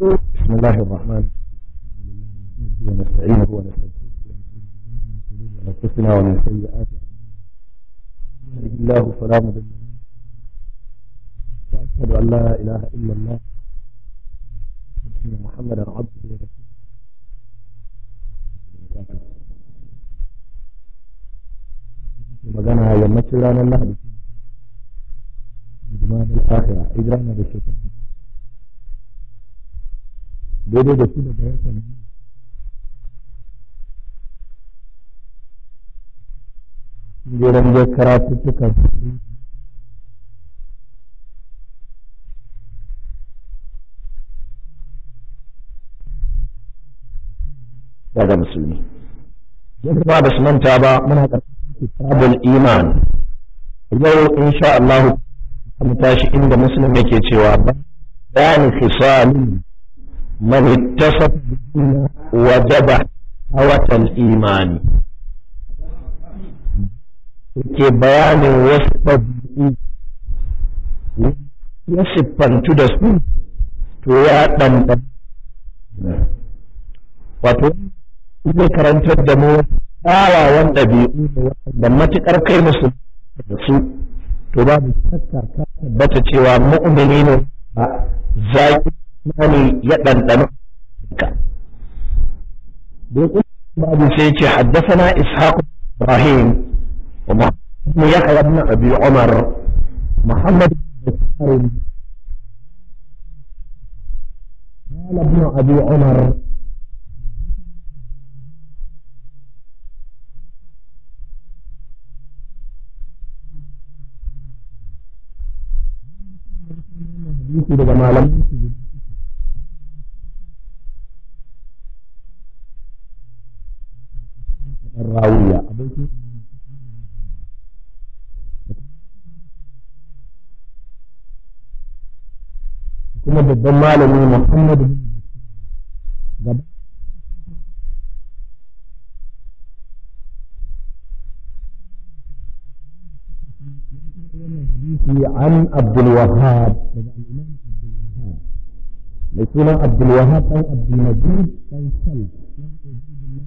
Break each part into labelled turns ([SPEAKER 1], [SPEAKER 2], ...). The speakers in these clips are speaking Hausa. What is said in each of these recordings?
[SPEAKER 1] بسم الله الرحمن الرحيم ونستعينه ونستغفره ونستغفره ومن
[SPEAKER 2] سيئات يهده الله فلا مضل واشهد ان لا اله الا الله ان محمدا عبده ورسوله magana yammacin ranar lahadi jimanin الاخره اجرانا na daidai da shi da ya sami jeren da yi daga musulmi yadda ba da su manta ba muna ƙarfin kitabul iman yau in sha Allah mu tashi inda musulmi yake cewa ba yani fisalin man ittafa wajaba watan imani ke bayanin wasu ɗabi'u ya siffantu da su to ya ɗanɗan wato zai karantar da mu tsawawan ɗabi'u
[SPEAKER 1] da matuƙar kai musu
[SPEAKER 2] da su to babu shakka ka tabbata cewa mu'mini ne ba zaƙi mani ya ɗanɗano ka babu sai ce haddasana ishaq ibrahim wa muhammad yahya ibn abi umar muhammad بن
[SPEAKER 1] قال ابن ابي عمر
[SPEAKER 2] حديث لما لم الراوية أبوكي kuma babban malami Muhammad gaba عن عبد الوهاب
[SPEAKER 1] عبد الوهاب أو عبد المجيد أو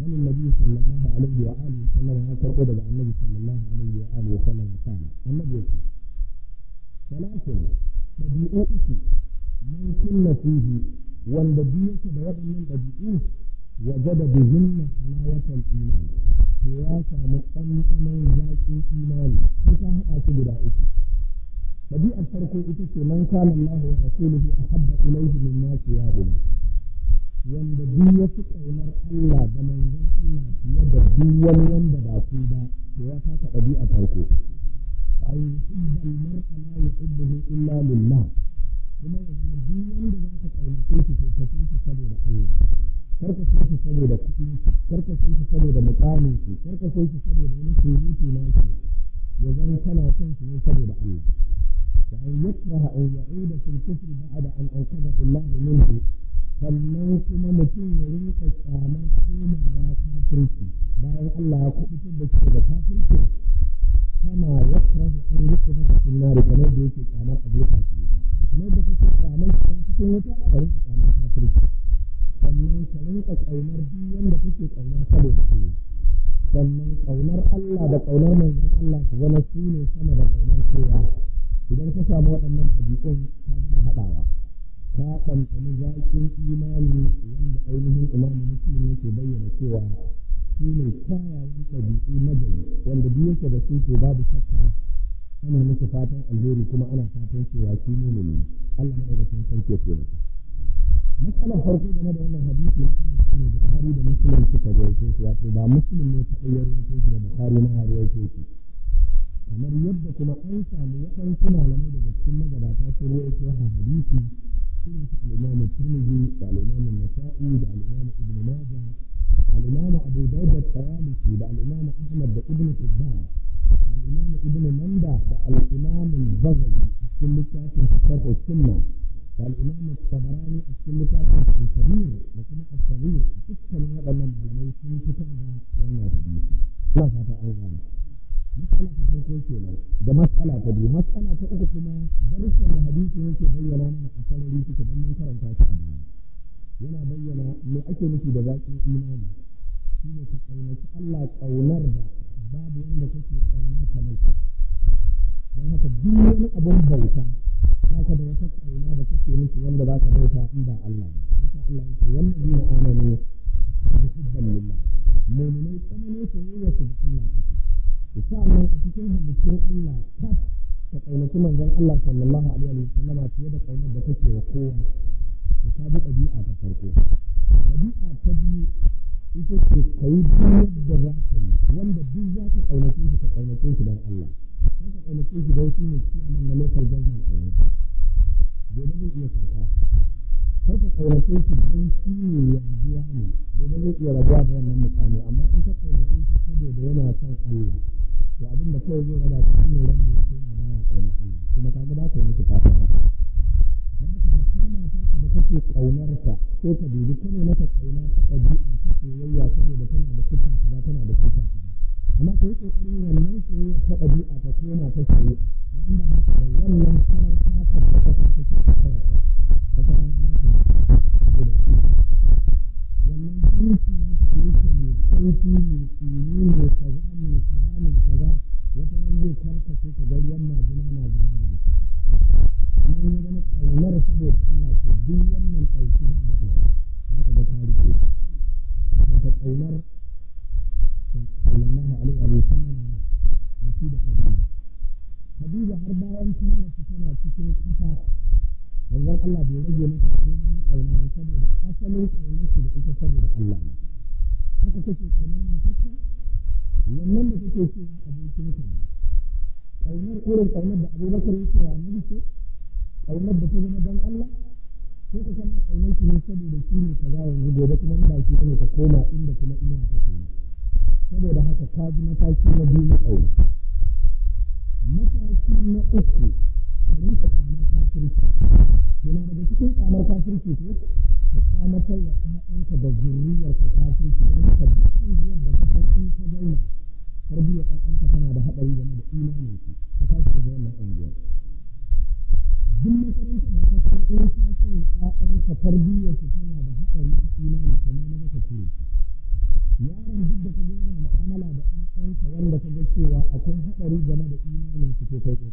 [SPEAKER 2] عن النبي صلى الله عليه وآله وسلم هذا ترقد عن النبي صلى الله عليه وآله وسلم قال النبي يقول
[SPEAKER 1] ثلاث بديئوك من كل فيه وان بديئك بوضع من بديئوك وجد بهن حلاوة الإيمان
[SPEAKER 2] سياسة مقنعة من ذات الإيمان فتاها أكل رأيك بديئة ترقد إتك من كان الله ورسوله أحب إليه مما سواهما
[SPEAKER 1] wanda duk ya fi ƙaunar Allah da manzon Allah fiye da duk wani wanda ba su ba to ya taka ɗabi'a farko ai hubbal mar'a la yuhibbuhu illa lillah kuma ya zama duk wanda za ka ƙaunace shi to ka
[SPEAKER 2] shi saboda Allah kar ka shi saboda kuɗi kar ka shi saboda muƙamin shi kar ka shi saboda wani surutu na shi ya zama kana son shi ne saboda Allah وأن يكره أن يعود في الكفر بعد أن أنقذه الله منه
[SPEAKER 1] sannan kuma mutum ya rinka kyamar komawa kafirci bayan Allah ya kubutar da ke da kafirci kana yakra an rufe na cikin nari kamar
[SPEAKER 2] da yake kyamar a jefa ce kamar da kake kyamar ta cikin wuta ka rinka kyamar kafirci sannan ka rinka kaunar duk wanda kake kauna saboda ke sannan kaunar Allah da kaunar manzon Allah su zama su ne sama da kaunar kowa idan ka samu waɗannan ɗabi'un ta zama haɗawa sakanta kamfani zaƙin imani wanda ainihin imamu muslim yake bayyana cewa shi ne kyawawan ɗabi'u na gari wanda duk yake da sun ke babu shakka ana masa fatan alheri kuma ana fatan cewa shi ne ne Allah madaukakin sarki ke da matsalar
[SPEAKER 1] farko game da wannan hadisi na hannun shi ne bukari da muslim
[SPEAKER 2] suka gaishe shi wato ba muslim ne ta ɗayyar shi da bukari na har yanke shi
[SPEAKER 1] kamar yadda kuma an samu waɗansu
[SPEAKER 2] malamai daga cikin magabata sun ruwaito a hadisi الإمام الترمذي والإمام النسائي والإمام ابن ماجه والإمام أبو داود الطيالسي
[SPEAKER 1] والإمام أحمد بن حبان والإمام ابن مندى والإمام البغوي
[SPEAKER 2] في كل كتاب السنة والإمام الطبري damar kafirci ce ka samatar wa ɗan'anka da zuriyar ka kafirci don ka dukkan yadda san in ka zauna tarbiyyar ɗanka tana da haɗari game da imanin ki ka tashi daga wannan ɗanguwar duk makarantar da ka san in ka san ɗan'anka tarbiyyar ki tana da haɗari ta imanin ki na maza ka ce ki yaron duk
[SPEAKER 1] da ka zo mu'amala da ɗan'anka wanda ka
[SPEAKER 2] ga cewa akwai haɗari game da imanin ki to kai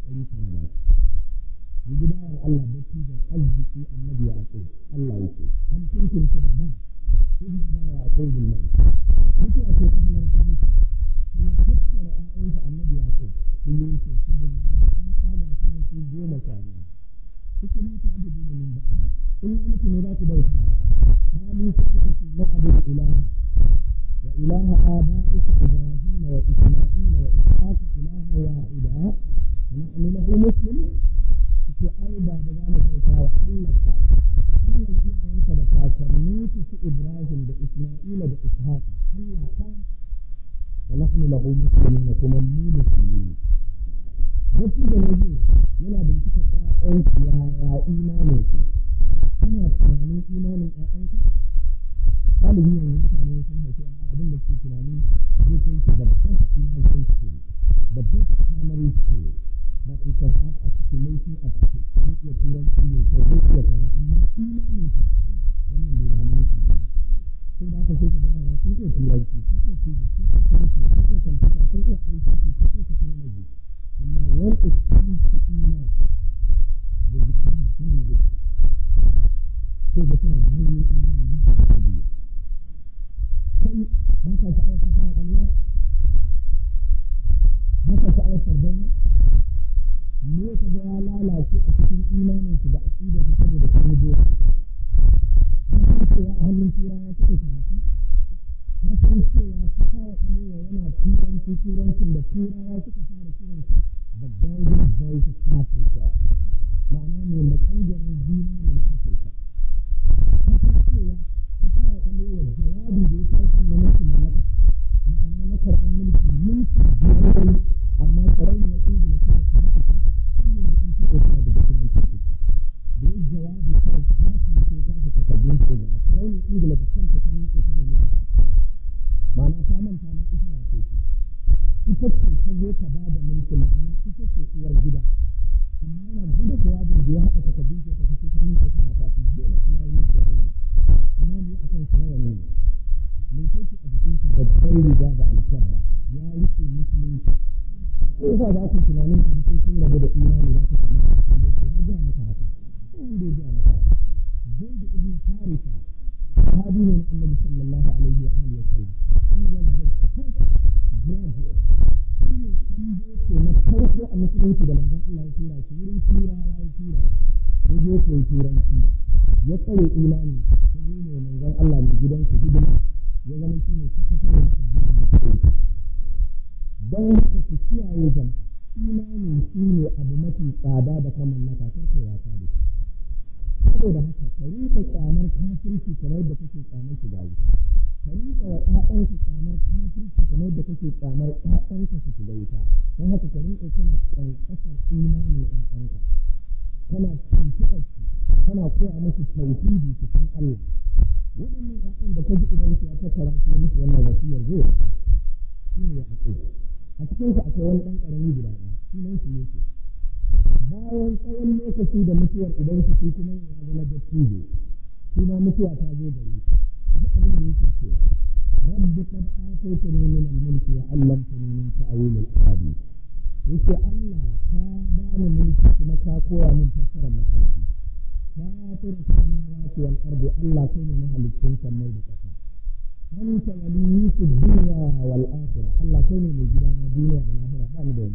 [SPEAKER 2] imani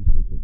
[SPEAKER 2] Thank you.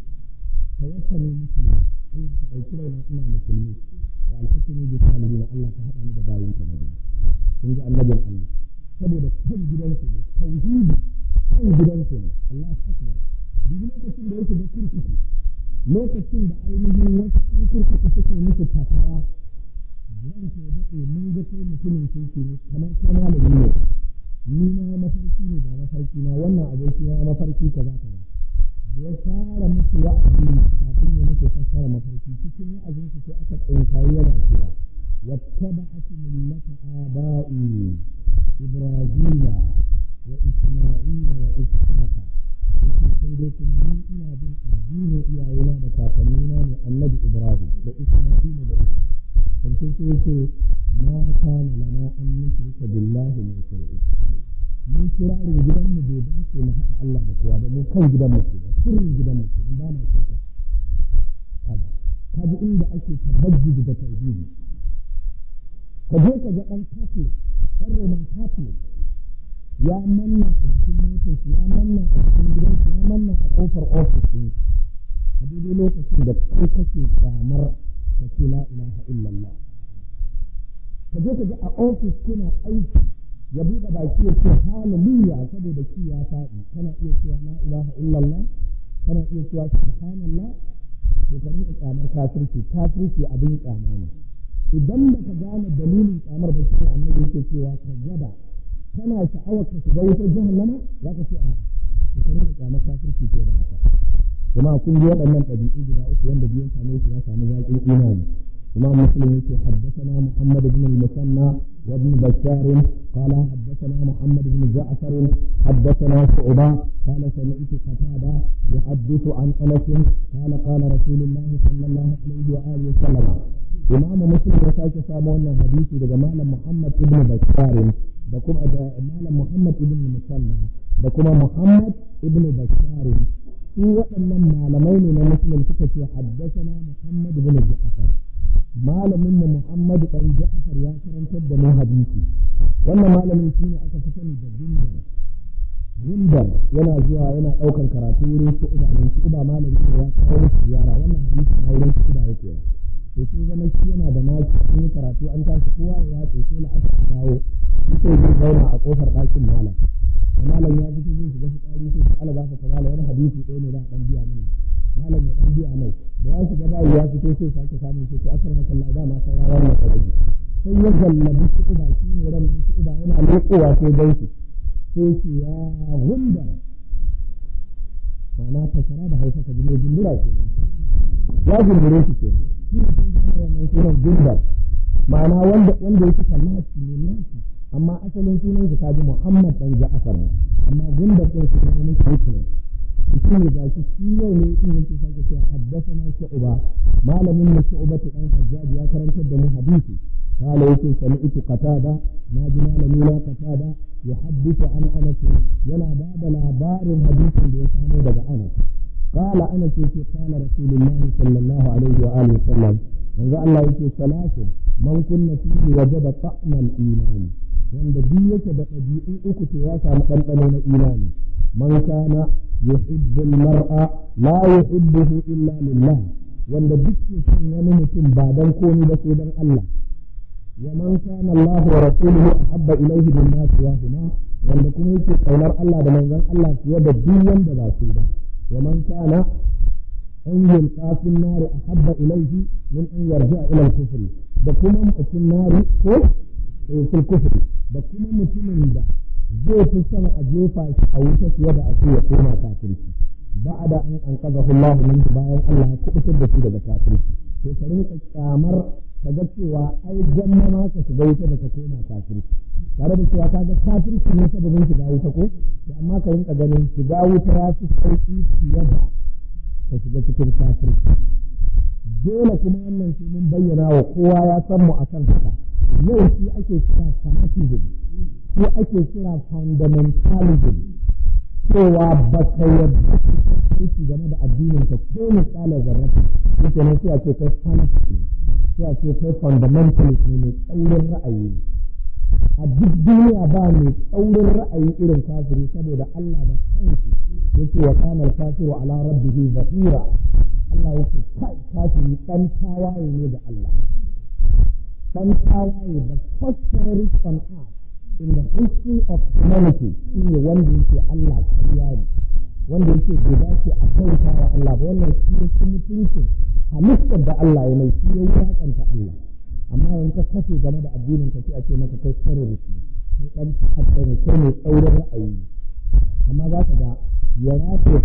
[SPEAKER 2] ce kuma ni ina bin addinin iyayena da kakannina ne annabi ibrahim da isma'ila da isa sai sai ce ma kana lana an
[SPEAKER 1] nusrika billahi min shay'in mun kira ne gidan mu bai dace mu Allah da kowa
[SPEAKER 2] ba mun kan gidan mu ba sirrin gidan mu kenan ba na kyauta kaji inda ake tabbaji da tauhidi ka je
[SPEAKER 1] ka ga ɗan kafin
[SPEAKER 2] ɗan roman kafin ya manna a cikin motar ya manna a cikin gidan ya manna a kofar ofis din a daidai lokacin da kai kake kamar ka ce la ilaha illallah ka je ka ga a ofis kuna aiki ya buɗe baki ya ce hallelujah saboda shi ya faɗi kana iya cewa la ilaha illallah kana iya cewa subhanallah to ka rinka kyamar kafirci kafirci abin kyama ne idan ba ka gane dalilin kyamar da shi annabi yake cewa ka gwada kana sha'awar ka shiga wutar jahannama za ka ce a ka da kyamar kafirci ke da haka kuma kun ji waɗannan ɗabi'u guda uku wanda biyan same su ya samu zaƙin imani إمام مسلم في حدثنا محمد بن المثنى وابن بشار قال حدثنا محمد بن جعفر حدثنا شعبة قال سمعت قتادة يحدث عن أنس قال قال رسول الله صلى الله عليه وآله وسلم إمام مسلم يسأل سامو أن الحديث لجمال محمد بن بشار بكم مال محمد بن المثنى بكم محمد بن بشار في ان من من مسلم سكت حدثنا محمد بن جعفر malamin mu Muhammadu dan Ja'far ya karantar da mu hadisi wannan malamin shi ne aka fi sani da Gundar Gundar yana zuwa yana daukan karatu wurin su uba ne su uba malamin ya kawo su ziyara wannan hadisi na wurin su uba yake to sai zama shi yana da naki ina karatu an tashi kowa ya yace sai la'asar aka dawo sai zai zauna a kofar ɗakin malam malam ya fi zai shiga fitsari sai Allah za ka kamala wani hadisi ɗaya ne za a ɗan biya mini malam ya dan biya mai da ya shiga bayi ya fito sai sake samun shi to akar masallaci dama sai ya warna ta rage sai ya gallabi shi uba shi ne ran shi uba yana lokowa sai dai shi sai shi ya gunda ma'ana fasara da hausa ka jiro jimbira ke nan ya jimbire shi ke
[SPEAKER 1] nan sunan gunda
[SPEAKER 2] ma'ana wanda wanda yake kallaci ne nashi amma asalin sunan shi kaji Muhammad dan Ja'far ne amma gunda ɗin sunan ne ne mutum ya gashi shi yau ne mutum yake sake cewa haddasana shu'ba malamin mu shu'ba ta ɗan hajjaji ya karantar da mu hadisi قال يقول سمعت قتادة ما جمال منا قتادة يحدث عن أنس ينا باب العبار الحديث اللي يسامو دقى أنس قال أنس قال رسول الله صلى الله عليه وآله وسلم manzo Allah yake man kunna fihi wajada ta'mal iman wanda duk yake da ɗabi'u uku to ya samu ɗanɗano na imani من كان يحب المرأة لا يحبه إلا لله wanda duk mutum wani mutum ba dan komi ba sai dan Allah
[SPEAKER 1] wa man kana Allah wa rasuluhu ahabba ilayhi min
[SPEAKER 2] ma siwahuma wanda kuma yake kaunar Allah da manzon Allah fiye da duk wanda ba su ba wa man kana an yulqa fi an-nar ahabba ilayhi min an yarji'a ila al-kufr da kuma mutum nari ko fil kufr da kuma mutumin da zai fi son a jefa shi a wuta fiye da ake ya koma kafirci ba da an an kaza hullahu min bayan Allah ya kubutar da shi daga kafirci to ka rinka kyamar ka ga cewa ai gwamma ma ka shiga wuta da ka koma kafirci tare da cewa ka ga kafirci ne sababin shiga wuta ko to amma ka rinka ganin shiga wuta ya fi sauki fiye da ka shiga cikin kafirci dole kuma wannan shi mun bayyana wa kowa ya san mu a kan haka yau shi ake kira fanaticism shi ake kira fundamentalism cewa ba ka yarda aiki game da addinin ka ko misali zarrata yake nan sai a ce kai fanaticism sai a ce kai fundamentalism ne tsaurin ra'ayi a duk duniya ba mai tsaurin ra'ayi irin kafiri saboda Allah da kanki yake wa kana kafiru ala rabbihi zahira Allah yake kai kafiri dan tawaye ne da Allah dan tawaye da prosperous on in the history of humanity shi ne wanda yake Allah kariya ne wanda yake bai dace a kautawa Allah ba wannan shi ne mutuncin halittar da Allah ya mai shi ya wulakanta Allah amma yanzu ka game da addinin ka sai a ce maka kai shi ne dan ta'adda ne kai mai tsaurin ra'ayi amma za ka ga ya rafe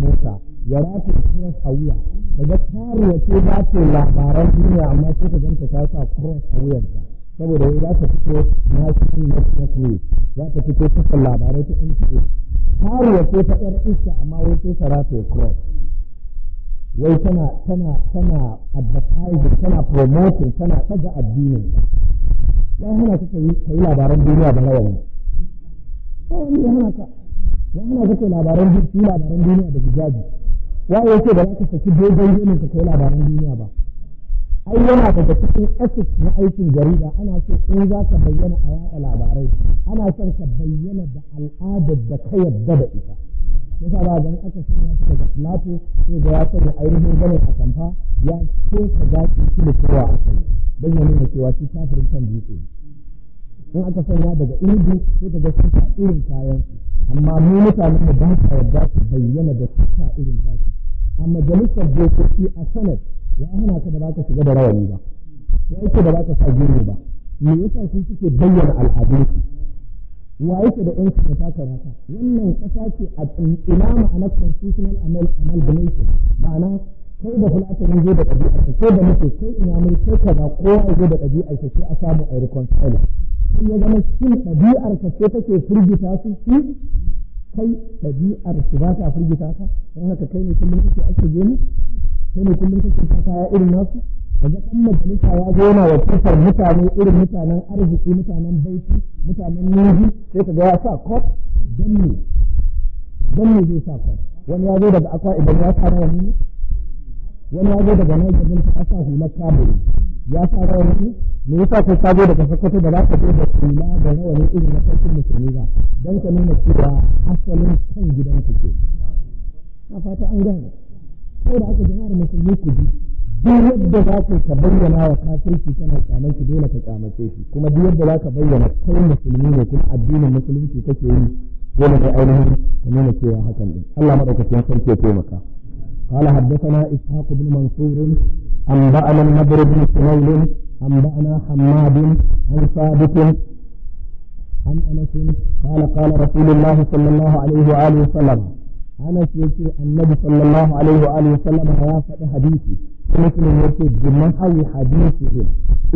[SPEAKER 2] mota ya rafe stress a wuya daga tarewa ce za ta labaran duniya amma sai ka ganta ta sa cross a wuyanta saboda wai za ta fito na shi cikin network za ta fito kasan labarai ta NPO tarewa ce ta yar iska amma wai sai ta rafe cross wai tana tana tana advertising tana promoting tana kaga addinin ya hana ta yi labaran duniya da rawani rawani ya hana ta ya hana ta kai labaran labaran duniya da gidaji ya ce ba za ka saki dogon ilimin ka kai labaran duniya ba ai yana daga cikin ethics na aikin jarida ana so in za ka bayyana a yaɗa labarai ana son ka bayyana da al'adar da ka yarda da ita shi yasa ba ganin aka sanya shi daga plato sai da ya sanya ainihin ganin a kamfa ya soka gashi kilitowa a kai don ya nuna cewa shi kafirin kan dutse in aka sanya daga inibi sai daga suka irin kayan su amma mu mutane mu ba sa su bayyana da suka irin kayan a majalisar dokoki a sanad ya hana ka da za ka shiga da rawani ba
[SPEAKER 1] ya ake da ba ka sa gini
[SPEAKER 2] ba me yasa su suke bayyana al'adunsu wa yake da yanci da taka rata wannan kasa ce a ina ma'anar constitutional amalgamation ma'ana kai da fulatanin zo da ɗabi'ar ka kai da muke kai ina mai kai ka ba kowa zo da ɗabi'ar ka sai a samu a reconcile in ya zama shin ɗabi'ar ka sai take firgita su shi kai ɗabi'ar su ba ta firgita ka don haka kai ne kullum kake ake gani kai ne kullum kake sa kaya irin nasu kaga dan majalisa ya zo yana wakiltar mutane irin mutanen arziki mutanen baiti mutanen nuhi sai kaga ya sa kot don ne don ne zai sa kot wani ya zo daga akwa idan ya sa rawani ne wani ya zo daga nan gabin ta asa hula kabo ya sa rawani me yasa kai ka zo daga sokoto da za ka zo da hula da rawani irin na sarkin musulmi ba don ka nuna cewa asalin kan gidan ku ke
[SPEAKER 1] na fata an gane sai da aka
[SPEAKER 2] jama'ar musulmi ku ji duk yadda za ka ka bayyana wa kafirci kana kyamar shi dole ka kyamace shi kuma duk yadda za ka bayyana kai musulmi ne kuma addinin musulunci kake yi dole ne ainihin ka nuna cewa hakan din Allah madaukakin sarki ya taimaka قال حدثنا إسحاق بن منصور أنبأنا النضر بن سهيل أنبأنا حماد عن ثابت
[SPEAKER 1] عن أنس قال قال رسول الله صلى الله عليه وآله وسلم
[SPEAKER 2] أنس يقول النبي صلى الله عليه وآله وسلم يا فتى حديثي muslim ya ce bi mahawi hadisihim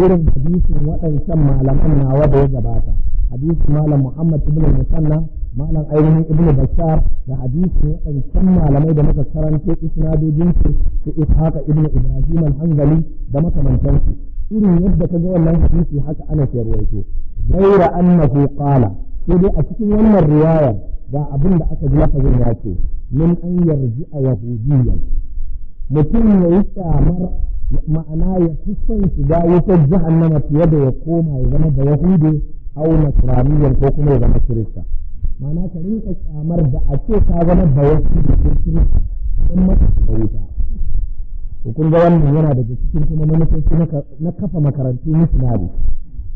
[SPEAKER 2] irin hadisin waɗancan malaman nawa da ya gabata hadisi malam muhammad ibn musanna malam ainihin ibn bashar da hadisin waɗancan malamai da muka karantar isnadojin su su ishaqa ibn ibrahim al-hanzali da makamantan su irin yadda ka ga wannan hadisi haka ana ke ruwaito gaira annahu qala sai dai a cikin wannan riwaya ga abin da aka ji lafazin ya ce min an yarji a yahudiyya mutum ya yi samar ma'ana ya fi son shiga wutar jahannama fiye da ya koma ya zama da yahudu au nasraniyan ko kuma ya zama kirista ma'ana ka rinka samar da a ce ka zama da yahudu ko kirista don mata wuta hukun nan wannan yana daga cikin kuma manufofi na kafa makarantu missionary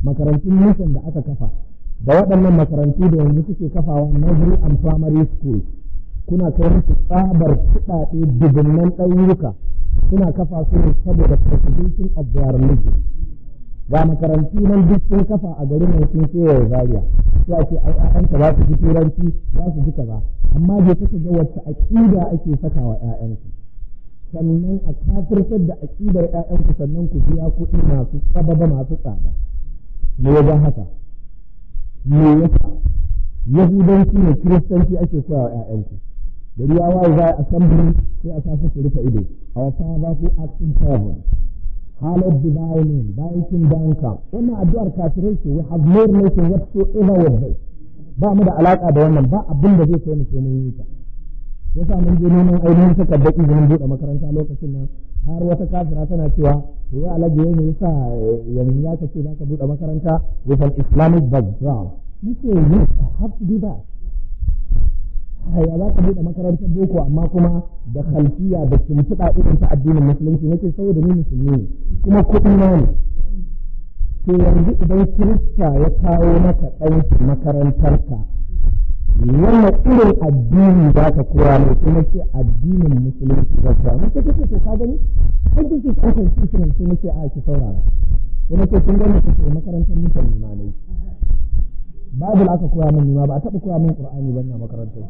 [SPEAKER 2] makarantun mission da aka kafa da waɗannan makarantu da yanzu suke kafawa nursery and primary school suna kai musu tsabar kuɗaɗe dubunnan ɗauruka suna kafa su ne saboda prosecution of miji ga makarantu nan duk sun kafa a garin mai sun kewaye zaria sai ce ai ƴaƴanka ba su ji turanci ba su ji kaza amma je kasa ga wacce aƙida ake saka wa sannan a kafirtar da aƙidar ƴaƴanku sannan ku biya kuɗi masu sababa masu tsada me ya haka me yasa yahudanci ne kiristanci ake koya wa ƴaƴanku gari ya waye za a san sai a sa su rufe ido a wasa za ku aksin seven halar da bayanin bayan kin bayan wannan addu'ar kafirai ce we have no nation whatsoever with ba mu da alaka da wannan ba abin da zai kai mu sai yi ta
[SPEAKER 1] sa mun je neman ainihin takardar
[SPEAKER 2] zan buɗe makaranta lokacin nan har wata kafira tana cewa to ya alaji yanzu yasa eh, yanzu za ka ce za ka buɗe makaranta with an islamic background nace yes i have to do that ya za ka buɗe makarantar boko amma kuma da kalfiya da kimfiɗa irin ta addinin musulunci nake saboda ni musulmi kuma kuɗi na ne to yanzu idan kirista ya kawo maka ɗauki makarantarka wannan irin addini za ka kura mai kuma ce addinin musulunci za ka mace ta ce ka gani an ce shi kankan shi sai nake a ki saurara wani ce kun gani ta makarantar musulmi ma ne babu aka koya min ma ba a taɓa koya min qur'ani ba na makarantar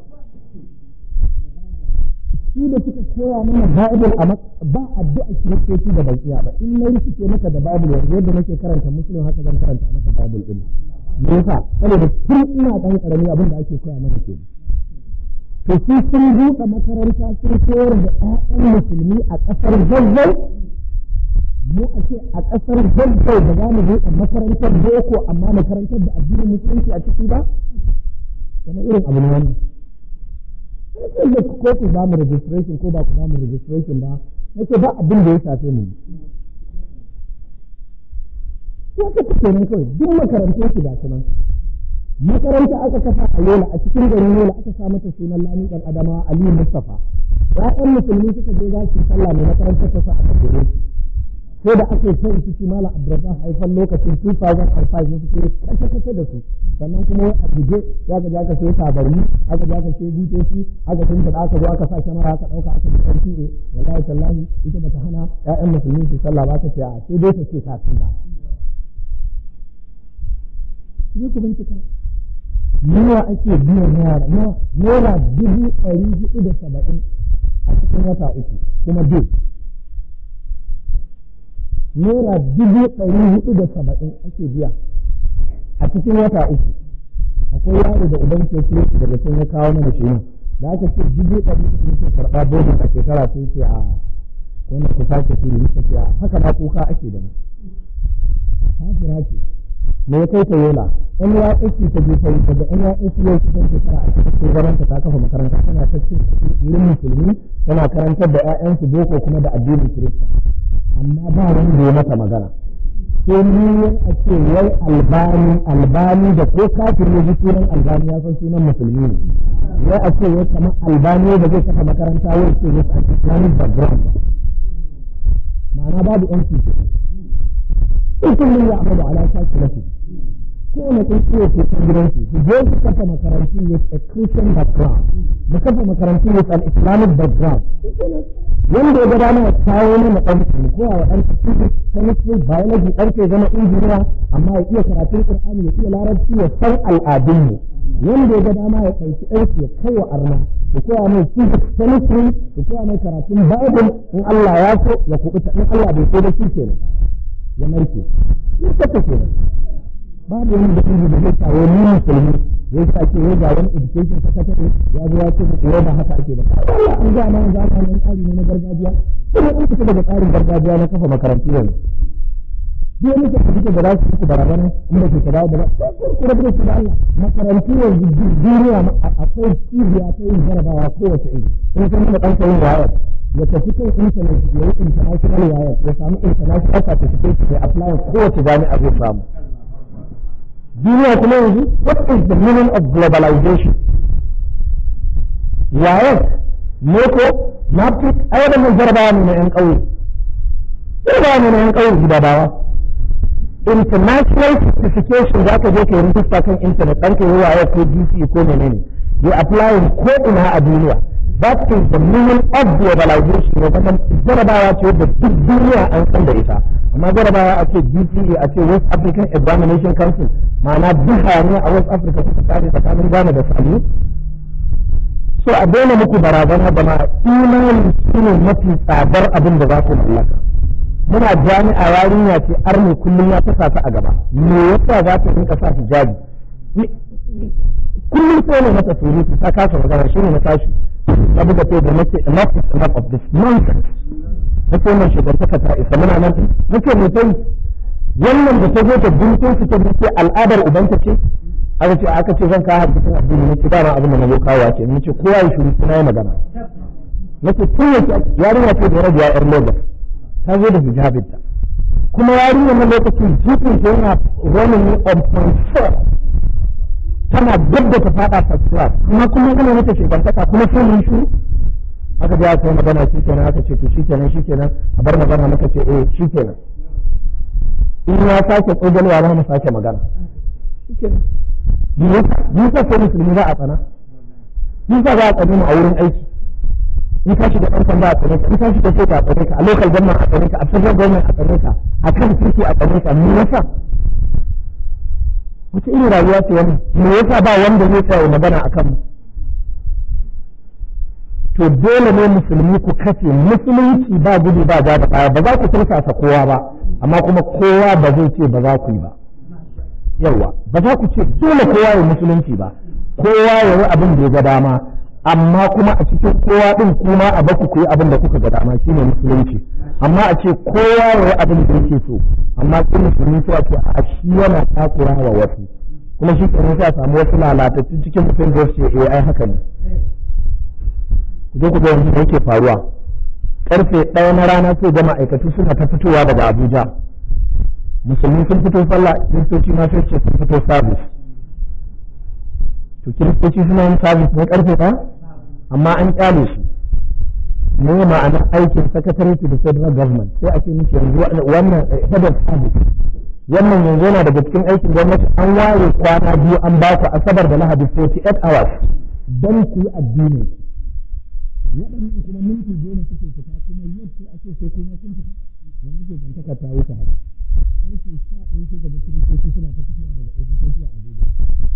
[SPEAKER 2] su da suka koya mana babul a ba addu'a kiristoci da iya ba in na rikice maka da babul yanzu yadda nake karanta musulun haka zan karanta maka babul din me yasa saboda tun ina ɗan karami abin da ake koya mana ke to su sun buɗe makaranta sun koyar da ƴaƴan musulmi a ƙasar zazzau mu a ce a ƙasar zai da za mu buɗe makarantar boko amma makarantar da addinin musulunci a ciki ba wani irin abu ne wannan sai da ko ku za mu registration ko ba ku za mu registration ba nake ba abin da ya shafe mu ko ta kuke nan kai duk makarantar su ba kuma makaranta aka kafa a yola a cikin garin yola aka sa mata sunan lami dan adama aliyu mustapha ya'yan musulmi suka je za su sallah mai makarantar ta sa a kore ko da ake son ciki mala abdurrahman haifan lokacin 2005 ne suke kace kace da su sannan kuma wai a ya ga aka sai tabarni aka ga aka sai butoci aka tunta da aka zo aka sa shamara aka dauka aka yi sarki ne wallahi tallahi ita bata hana ya'yan musulmi su sallah ba ta ce a sai dai ta ce ta ba ne ku bincika nawa ake biyan yara nawa dubu ɗari hudu da saba'in a cikin wata uku kuma dai naira dubu ɗari hudu da saba'in ake biya a cikin wata uku akwai yaro da uban ke kiro daga sun ya kawo mana shi da aka ce dubu ɗari hudu ke karɓa bodin a shekara sai ce a wanda ku sake shiri muka ce a haka ma kuka ake da mu kafira ce me ya kai ta yola NYSC ta je ta yi daga NYSC yau kusan shekara a cikin shugabanta ta kafa makaranta tana ta cin wurin musulmi tana karantar da 'ya'yansu boko kuma da addinin kirista amma ba wanda ya mata magana sai ni a ce wai albani albani da ko kafin ya ji sunan albani ya san sunan musulmi ne wai a ce wai kamar albani da zai kafa makaranta wai ce ne a islamic background ma'ana babu yanci ce ikon ne ya amadu ala shaki na kowane sun iya ce kan gidansu su je su kafa makarantu with a Christian background mu kafa makarantu with an Islamic background wanda ya gada mana kawo mana ɗansu ko a ɗan physics chemistry biology ɗauke ke zama injiniya amma ya iya karatun Qur'ani ya iya larabci ya san al'adunmu wanda ya gada ma ya sauki aiki ya kai wa arna ya koya mai physics chemistry ya koya mai karatun bible in Allah ya so ya kuɓuta in Allah bai so da shi kenan ya narke. ta kenan. babu wani dalili da zai kawo ni musulmi ya sa ke wai ga wani education secretary ya zo ya ce ku yau ba haka ake ba Allah an ga nan za ka nan tsari ne na gargajiya kuma an fita daga tsarin gargajiya na kafa makarantu yanzu duk wani ka fita da za su yi in ke ka dawo da ba kuma kuma da su da Allah makarantu yanzu duniya akwai cibiya ta yin jarabawa kowace iri in ka nuna ɗan kayin wayar ya tafi kai intanet ya yi international wayar ya samu international certificate ya apply kowace jami'a zai samu duniya kuma yanzu what is the meaning of globalization ne ko na fi da mun zarba ne na yan ƙauye zarba ne na yan ƙauye gida bawa international certification za ka je ka yi rijista kan internet ɗan ka yi waye ko dc e ko menene you apply ko ina a duniya that is the meaning of globalization ne wannan jarabawa ce da duk duniya an san da ita amma baya a ce BCA a ce West African Examination Council ma'ana duka ne a West Africa suka kare tsakanin Ghana da Saliyo so a daina muku barazana da ma imani shine mafi tsadar abin da za ku mallaka muna jami'a yarinya ce arne kullum ya ta ta a gaba me yasa za ta rinka sa hijabi kullum sai ne mata surutu ta kasa magana ne na tashi buga sai da mace enough is enough of this nonsense nake mai shugabtaka ta isa muna nan muke mu sai wannan da ta zo ta guntun su ta dace al'adar ta ce aka ce aka ce zan kawo hadisin addini ne dama abin da na zo kawo ce nace kowa ya shuru suna ya magana nake tun yake yarinya ce da rabuwa yar lagos ta zo da hijabinta kuma yarinya na lokacin jikin ta yana running on point four tana gab da ta fada first kuma kuma kana mata ta kuma sai mun shuru aka ji aka yi magana shi kenan aka ce to shi kenan shi kenan a bar magana muka ce eh shi kenan in ya sake tsogalwa za mu sake magana shi kenan yasa sai musulmi za a tsana yasa za a tsane mu a wurin aiki in ka shiga ɗan sanda a tsane ka in ka shiga sai a tsane ka a local government a tsane ka a federal government a tsane ka a kan kirki a tsane ka me yasa wata irin rayuwa ce wannan me yasa ba wanda zai tsaya magana akan mu to dole ne musulmi ku kace musulunci ba gudu ba za da baya ba za ku tursasa kowa ba amma kuma kowa ba zai ce ba za ku yi ba yawa ba za ku ce dole kowa ya musulunci ba kowa ya yi abin da ya ga dama amma kuma a cikin kowa din kuma a baku ku yi abin da kuka ga dama shine musulunci amma a ce kowa ya yi abin da yake so amma kuma musulmi a ce a shi yana takura wa wasu kuma shi kenan sai a samu wasu lalatattu cikin mutum da ya ce eh, ai haka ne ku je ku yanzu da yake faruwa karfe ɗaya na rana sai ga ma'aikatu suna ta fitowa daga abuja musulmi sun fito sallah kiristoci ma sai ce sun fito sabis to kiristoci suna yin sabis ne karfe ɗaya amma an kyale shi ne ma'ana aikin sakatare ki da federal government sai a ce nufi yanzu wannan eh, head sabis wannan yanzu yana daga cikin aikin gwamnati an ware kwana biyu an ba ku asabar da lahadi 48 hours don ku yi addini waɗannan kuma minti goma suke fita kuma yadda ake sai kuma sun fita yanzu ke zantaka ta wuce haka ƙarfe sha ɗaya sai gaba kiristoci suna ta fitowa daga ofisoshi a abuja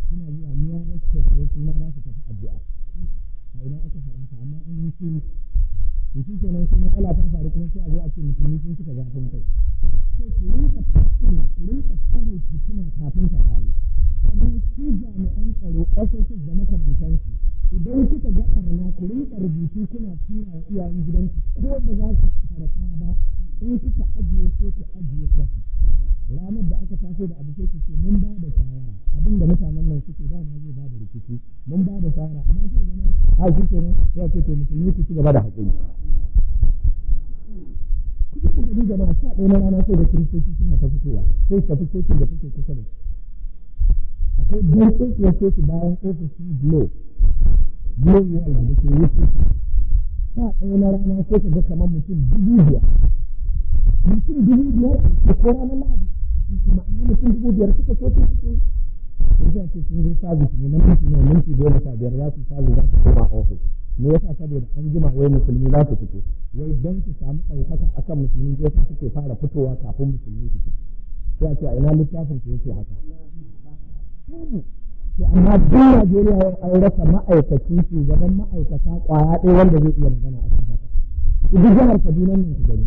[SPEAKER 2] suna zuwa miya rasta da wasu ma za su tafi addu'a a idan aka faɗa ka amma an yi
[SPEAKER 1] shiri. to shi kenan sai matsala ta faru kuma sai a zo a ce musulmi sun suka zafin kai to ku rinka tsarin ku rinka tsarin kafin ta faru sannan ku jami'an tsaro ofishin da makamantansu idan kuka ga ɓarna ku rinka rubutu kuna tura wa iyayen gidanku ko da za su karata ba in kuka ajiye ko ku
[SPEAKER 2] ajiye kwafi ranar da aka taso da abu sai mun bada da shawara abin da mutanen mai suke da na zai ba da rikici mun bada da shawara amma shi zama a shi kenan ya ce to musulmi ku ci gaba da haƙuri cikin da gari jama'a sha ɗaya na rana sai da kiristoci suna ta fitowa sai ta fito da take kusa da akwai dokokin ya ce su bayan ofishin glo glo ya da ke yi sha ɗaya na rana sai ka ga kamar mutum dubu biyar mutum dubu biyar da ko ma'ana mutum dubu biyar suka so ta suke yanzu a ce sun sabis ne na minti na minti goma sha biyar za su sabis za su koma ofis me yasa saboda an jima wai musulmi za su fito wai don su samu ɗaukaka akan musulmi sai su suke fara fitowa kafin musulmi su fito sai a ce a ina littafin su yake haka
[SPEAKER 1] to
[SPEAKER 2] amma duk Najeriya yau an rasa ma'aikaci gaban ma'aikata kwaya ɗaya wanda zai iya magana a kan haka duk jihar Kaduna ne su gani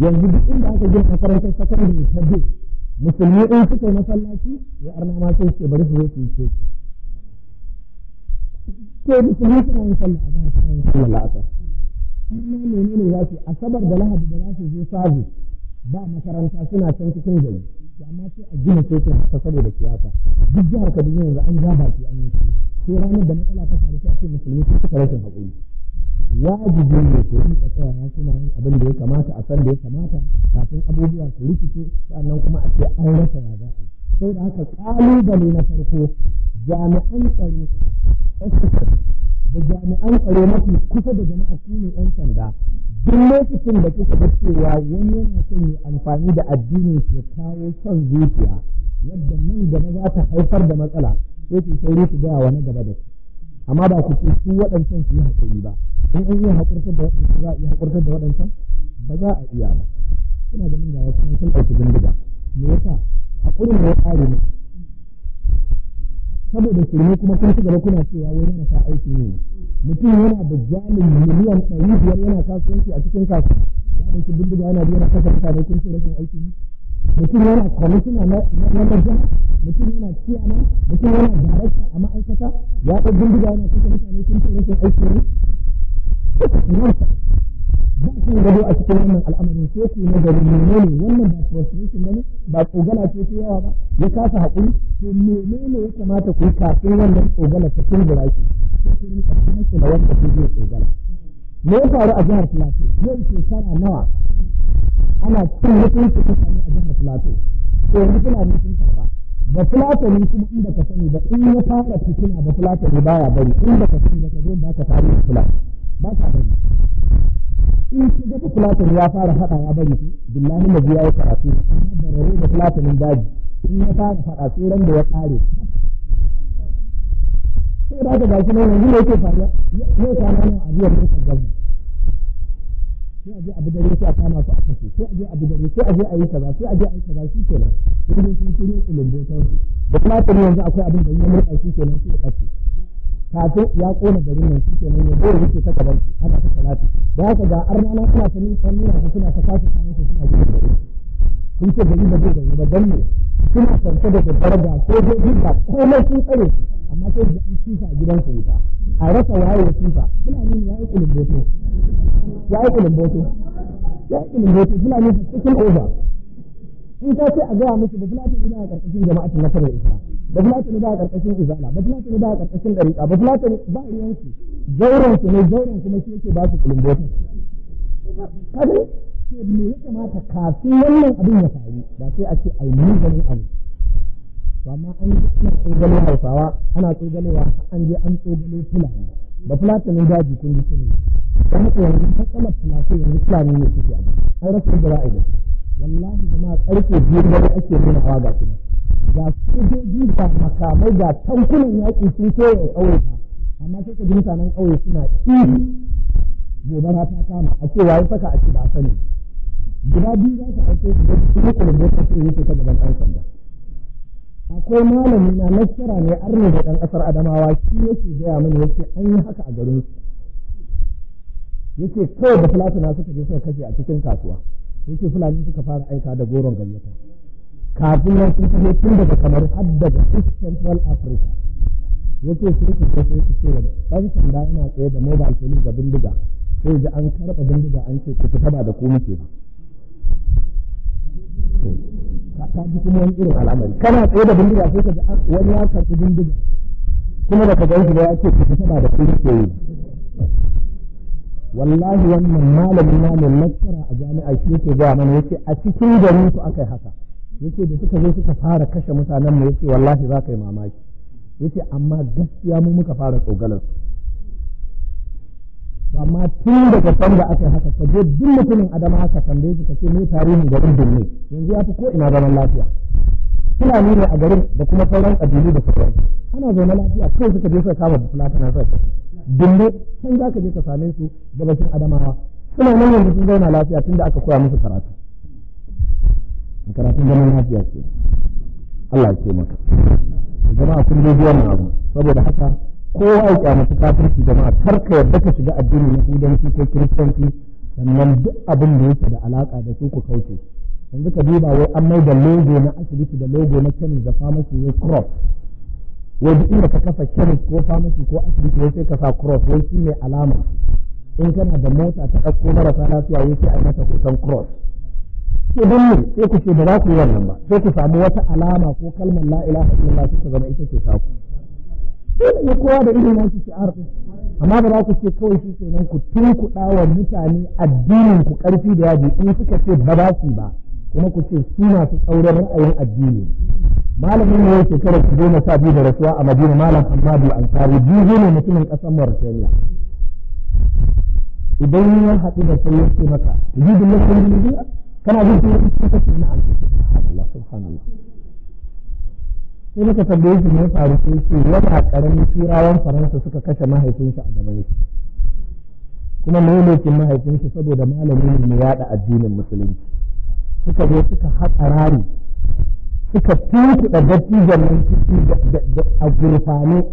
[SPEAKER 2] yanzu duk inda aka gina makarantar sakandare ta biyu musulmi in suka yi masallaci ya arna ma sai su bari su zo su yi sai da sun suna yin sallah a zahar sun sallah la'asar amma menene za su asabar da lahadi da za su zo sabu ba makaranta suna can cikin gari amma sai a gina kotun ta saboda siyasa duk jihar kaduna yanzu an ja baki an yanki sai ranar da matsala ta faru sai a ce musulmi sun suka rashin haƙuri wajibi ne ko yi tsaya ya suna yin abin da ya kamata a san da ya kamata kafin abubuwa su rikice sannan kuma a ce an rasa ya za a yi sai da haka kalubale na farko jami'an tsaro da jami'an tsaro mafi kusa da jama'a su ne yan sanda duk lokacin da kuka ga cewa wani yana son yi amfani da addini ya kawo son zuciya yadda nan gaba za ta haifar da matsala sai ku sauri ku gaya wa na gaba da su amma ba ku ce su waɗancan su yi haƙuri ba in an yi da waɗancan iya haƙurtar da waɗancan ba za a iya ba suna ganin ga wasu sun ɗauki bindiga me yasa kurin ya tsare ne saboda shirme kuma kun ci gaba kuna cewa wai marasa aiki ne mutum yana da jalin miliyan ɗari biyar yana kasuwanci a cikin kasuwa ya ɗauki bindiga yana biyar a kasa kun ce rashin aiki ne mutum yana kwamishina na majan mutum yana ciyama mutum yana darakta a ma'aikata ya ɗau bindiga yana kasa mutane kun ce rashin aiki ne
[SPEAKER 1] duk sun gado a cikin
[SPEAKER 2] wannan al'amarin sai su nazari menene wannan ba frustration ne ba tsogala ce ta yawa ba ya kasa haƙuri to ne ya kamata ku kafin wannan tsogala ta tun gura ki sai ku rinka kanki na wanda ku zai tsogala me ya faru a jihar Plateau yau shekara nawa ana cikin mutunci ta sami a jihar Plateau to yanzu kuna mutunci ba da kuma in baka sani ba in ya fara fitina da fulatani baya bari in baka sani baka zo ba ka tare da ba sa bari in ka ga platin ya fara haɗa ya bari billahi na biya ya karatu da rawo da platin daji in ya fara haɗa tsoron da ya ƙare sai da aka gashi nan yanzu ne yake faruwa yau kwana nan a biyar nesa gwamnati sai a je abu da sai a kama su a kashe sai a je abu dare sai a je a yi kaza sai a je a yi kaza shi kenan sai dai sun shirya kulumbotan su da platin yanzu akwai abin da ya murƙa shi kenan sai ya ƙafe kafin ya kona garin nan suke nan ya dole yake ta kabar su haka ta salatu da haka ga arnana suna ta nuna nuna su suna ta kasu kan su suna gudu gari sun ce gari da gari da dan ne suna kwance da babbar da ko dai duk ba komai sun tsare amma sai da an kifa gidan su ita a rasa waye ya kifa suna nuna ya yi boto ya yi kulumboto ya suna nuna cikin oza in ka ce a gaya musu ba fulatun ne ba a karkashin jama'atin nasarar islam ba fulatun ne ba a karkashin izala ba fulatun ne ba a karkashin dariƙa ba fulatun ba ruwansu jauren su ne jauren kuma shi yake ba su kulumbota kafin ce me ya kamata kafin wannan abin ya faru ba sai a ce a yi muganin abu to amma an ji ana tsogalo hausawa ana tsogalowa an je an tsogalo fulani ba fulatun ne daji kun ji sirri kamar yanzu matsalar fulatun yanzu fulani ne suke abu an rasa da ra'ayi
[SPEAKER 1] na karfe biyu da
[SPEAKER 2] ake nuna hawa ga shi ga sojoji da makamai ga tankunan yaƙi sun so ya ƙauye amma sai ka ji mutanen ƙauye suna ihu gobara ta kama a ce waye saka a ci ba sani gida biyu
[SPEAKER 1] za ka aike su don
[SPEAKER 2] su muku da ta ce yake ta gaban ɗan sanda
[SPEAKER 1] akwai malami na nasara ne arne da
[SPEAKER 2] ɗan ƙasar adamawa shi yake gaya mana yake an yi haka a garin su yake kawai da filatina suka je suka kashe a cikin kasuwa yake fulani suka fara aika da goron gayyata kafin nan sun fito tun daga kamar har daga central africa yake sun fito sai su ce dan sanda ina tsaye da mobile police da bindiga sai ji an karba bindiga an ce ku fita ba da ku muke ba ka ji kuma wani irin al'amari kana tsaye da bindiga sai ka ji wani ya karbi bindiga kuma da ka gan ba ya ce ku fita ba da ku muke yi wallahi wannan malamin na ne a jami'ar shi yake zuwa mana yace a cikin gari su aka yi haka yace da suka zo suka fara kashe mutanen mu yake wallahi za ka yi mamaki yace amma gaskiya mu muka fara tsogalar su amma tun daga da aka yi haka ka je duk mutumin adama haka tambaye su ka ce me tarihin garin Birni yanzu ya fi ko ina zaman lafiya Fulani ne a garin da kuma sauran ƙabilu da sauran ana zaune lafiya kai suka je suka kama Fulani na dumbe sun za ka je ka same su bakin adamawa suna nan yanzu sun zauna lafiya da aka koya musu karatu karatun zaman lafiya ce Allah ya ce maka jama'a sun dai zuwa abu saboda haka ko kowa ya kyamata kafirci jama'a kar ka yadda ka shiga addini na kudanci ko kiristanci sannan duk abin da yake da alaka da su ku kauce yanzu ka duba wai an mai da logo na asibiti da logo na kemis da famasi ne crop wani inda ka kasa kiris ko famasi ko asibiti wai sai ka sa cross wai shi ne alama in kana da mota ta ɗauko marasa lafiya wai sai a mata hoton cross ke don ne sai ku ce ba za ku yi wannan ba sai ku samu wata alama ko kalmar la ilaha illallah ta zama ita ce taku dole ne kowa da irin shi shi'ar amma ba za ku ce kawai shi kenan ku tunku wa mutane addinin ku ƙarfi da yaji in suka ce ba ba su ba kuma ku ce su masu tsaurin ra'ayin addini malamin ne yake kare su goma sa biyu da rasuwa a madina malam hamadu ansari biyu ne mutumin ƙasar mauritania idan ya haɗu da sai yake maka yidin na sun yi kana jin sun yi suka ce na alhamdulillah subhanallah sai muka tambaye shi ne faru sai ce yana karamin turawan faransa suka kashe mahaifinsa a gaban shi kuma mai mahaifinsa saboda malamin ne ya yaɗa addinin musulunci suka zo suka haɗa rari suka tuntuɗa da nan ciki a gurfane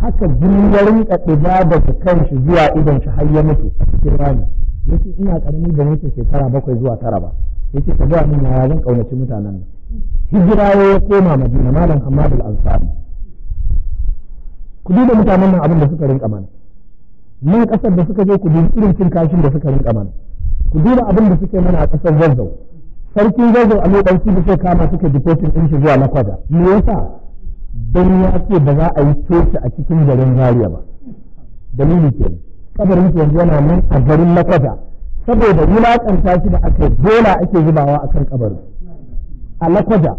[SPEAKER 2] haka jini ya rinka da daga kan shi zuwa idon shi har ya mutu cikin rami yace ina ƙarami da mutu shekara bakwai zuwa tara ba yace ka zuwa min yaya zan ƙaunaci mutanen nan hijirawo ya koma madina malam hamadul ansari ku duba mutanen nan abin da suka rinka mana nan ƙasar da suka je ku duba irin cin kashin da suka rinka mana ku duba abin da suke mana a ƙasar zazzau sarkin zazzau a da su suka kama suka deportin ɗin shi zuwa lakwada me yasa don ya ce ba za a yi coci a cikin garin zariya ba dalili ke kabarin shi yanzu yana nan a garin lakwada saboda wulaƙanta shi da aka dola ake zubawa a kan kabarin a lakwada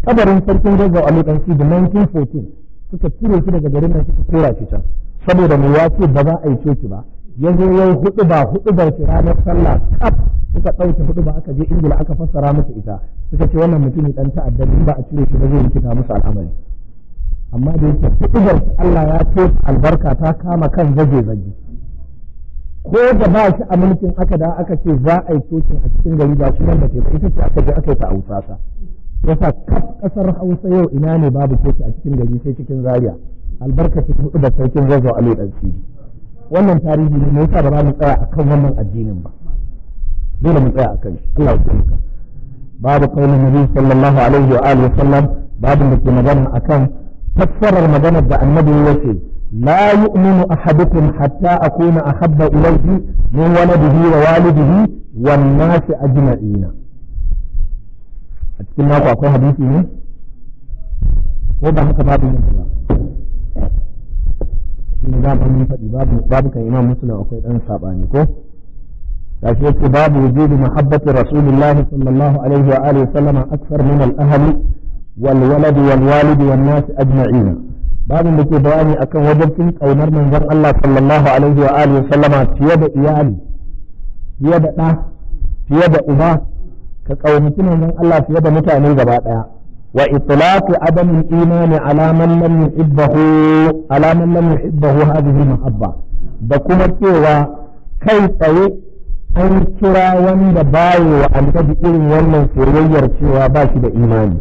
[SPEAKER 2] kabarin sarkin zazzau a dan da 1914 suka cire shi daga garin nan suka kora shi can saboda mai ya ce ba za a yi coci ba ya zo yau hudu ba hudu ba ranar sallah kaf suka ɗauke hudu ba aka je ingila aka fassara masa ita suka ce wannan mutum dan ta'adda ba a cire shi ba zai rikita musu al'amari amma da yake hudu Allah ya ce albarka ta kama kan zage zage ko da ba shi a mulkin aka da aka ce za a yi cocin a cikin gari ba shi nan da teku ita ce aka je aka yi ta ausasa yasa kaf ƙasar hausa yau ina ne babu coci a cikin gari sai cikin zaria albarkacin hudu ba sarkin zazzau a lodan wannan tarihi ne mai yasa ba za mu tsaya akan wannan addinin ba dole mu tsaya akan shi Allah ya tsare babu kaulin nabi sallallahu alaihi wa alihi wasallam babin da ke magana akan fassarar maganar da annabi ya ce la yu'minu ahadukum hatta akuna ahabba ilayhi min waladihi wa walidihi wan nasi ajma'ina a cikin mako akwai hadisi ne ko ba inda za mu mun faɗi babu babu kan imam muslim akwai dan sabani ko gashi yake babu wujudu mahabbati rasulullah sallallahu alaihi wa alihi sallama akthar min al ahli wal walad wal walid wan nas ajma'in babin da ke bayani akan wajibcin kaunar manzon Allah sallallahu alaihi wa alihi sallama fiye da iyali fiye da da fiye da uba ka kaunaci manzon Allah fiye da mutane gaba daya وإطلاق عدم الإيمان على من لم يحبه على من لم يحبه هذه المحبة بكما كيوا كيف an kira wanda bayo wa annabi irin wannan soyayyar cewa ba shi da imani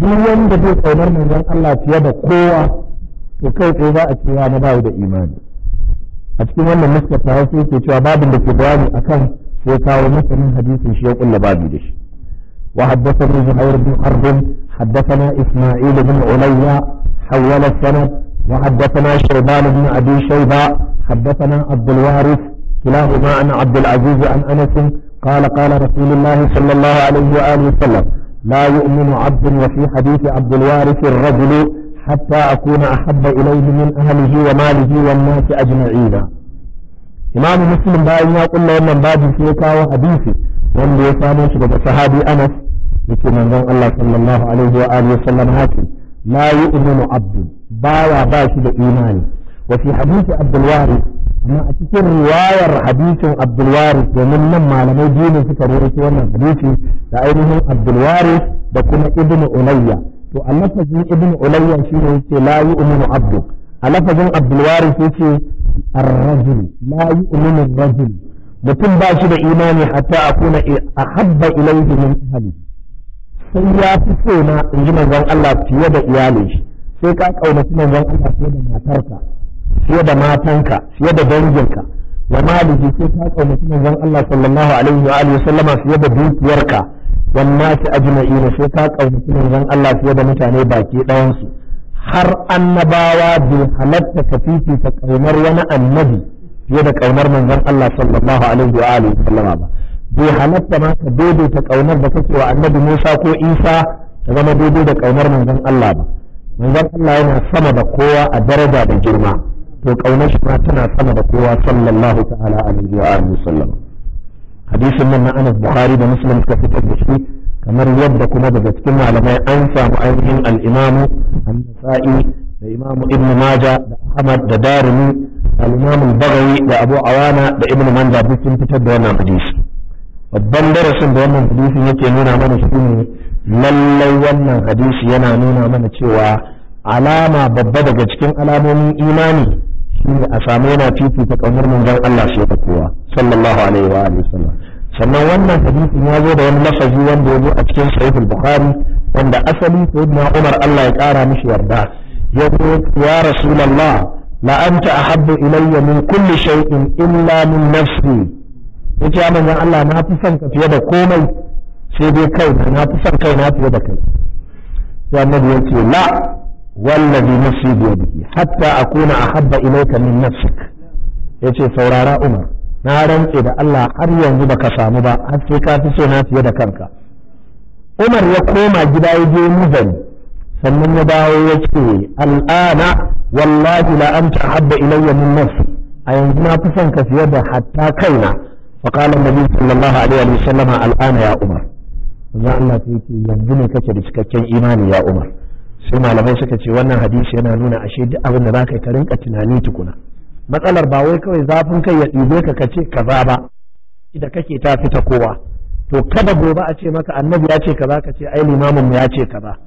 [SPEAKER 2] duk wanda zai kaunar manzon Allah fiye da kowa to kai tsaye za a cewa na bayo da imani a cikin wannan muskar ta hausa yake cewa babin da ke bayani akan sai kawo masanin hadisin shi ya kulla babu da shi وحدثني زهير بن حرب حدثنا إسماعيل بن علي حول السند وحدثنا شيبان بن أبي شيبة حدثنا عبد الوارث كلاهما عن عبد العزيز عن أنس قال قال رسول الله صلى الله عليه وآله وسلم لا يؤمن عبد وفي حديث عبد الوارث الرجل حتى أكون أحب إليه من أهله وماله والناس أجمعين إمام مسلم باين يقول لهم من باب فيك وحديثه ومن ya samo shi daga yake manzon Allah sallallahu alaihi wa alihi sallam haka la yu'minu abdu baya ba shi da imani wa fi hadisi abdul warith a cikin riwayar hadisin abdul warith domin nan malamai biyu ne suka rawaito wannan hadisi da ainihin abdul warith da kuma ibnu ulayya to a lafazin ibnu ulayya shine yake la yu'minu abdu a lafazin abdul warith yake ar-rajul la yu'minu ar-rajul mutum ba shi da imani hatta akuna ahabba ilayhi min ahlihi sai ya fi so na in ji manzon Allah fiye da iyalin shi sai ka kaunaci manzon Allah fiye da matarka fiye da matanka fiye da danginka wa maliki sai ka kaunaci manzon Allah sallallahu alaihi wa alihi sallama fiye da dukiyarka wannan shi ajma'ina sai ka kaunaci manzon Allah fiye da mutane baki ɗayan su har annabawa bai halatta ka fifita kaunar wani annabi fiye da kaunar manzon Allah sallallahu alaihi wa alihi sallama ba bai halatta ma ka daidaita kaunar da kake wa annabi Musa ko Isa ta zama daidai da kaunar manzon Allah ba manzon Allah yana sama da kowa a daraja da girma to kaunar shi ma tana sama da kowa sallallahu ta'ala alaihi wa alihi sallam hadisin nan na Anas Bukhari da Muslim suka fitar da shi kamar yadda kuma daga cikin malamai an samu ainihin al-Imam An-Nasa'i da Imam Ibn Majah da Ahmad da Darimi da imam al da Abu Awana da Ibn Mandah duk sun fitar da wannan hadisi babban darasin da wannan hadisin yake nuna mana shi ne lallai wannan hadisi yana nuna mana cewa alama babba daga cikin alamomin imani ne a samu yana fifita kaunar manzon Allah shi
[SPEAKER 1] ta kowa sallallahu alaihi wa alihi
[SPEAKER 2] sannan wannan hadisin ya zo da wani lafazi wanda ya zo a cikin sahih al-bukhari wanda asali sayyidina Umar Allah ya kara mishi yarda ya ya rasulullah la anta ahabbu ilayya min kulli shay'in illa min nafsi ya ce manzon Allah na fi son ka fiye da komai sai dai kai na fi son kai na fiye da kai sai annabi ya ce la wallazi nafsi bi yadihi hatta akuna ahabba ilayka min nafsik yace saurara Umar na rantse da Allah har yanzu baka samu ba har sai ka fi so na fiye da kanka Umar ya koma gida ya je muzani sannan ya dawo ya ce al'ana wallahi la anta ahabba ilayya min nafsi a yanzu na fi son ka fiye da hatta kaina فقال النبي صلى الله عليه وسلم الآن يا عمر ya Allah ta yake yanzu ne kake da cikakken imani ya Umar sai malamai suka ce wannan hadisi yana nuna ashe duk abin da zaka ka rinka tunani tukuna matsalar ba wai kawai zafin kai ya ɗube ka kace kaza ba idan kake ta fita kowa to kada gobe a ce maka annabi ya ce kaza ka ce ai limamin ya ce kaza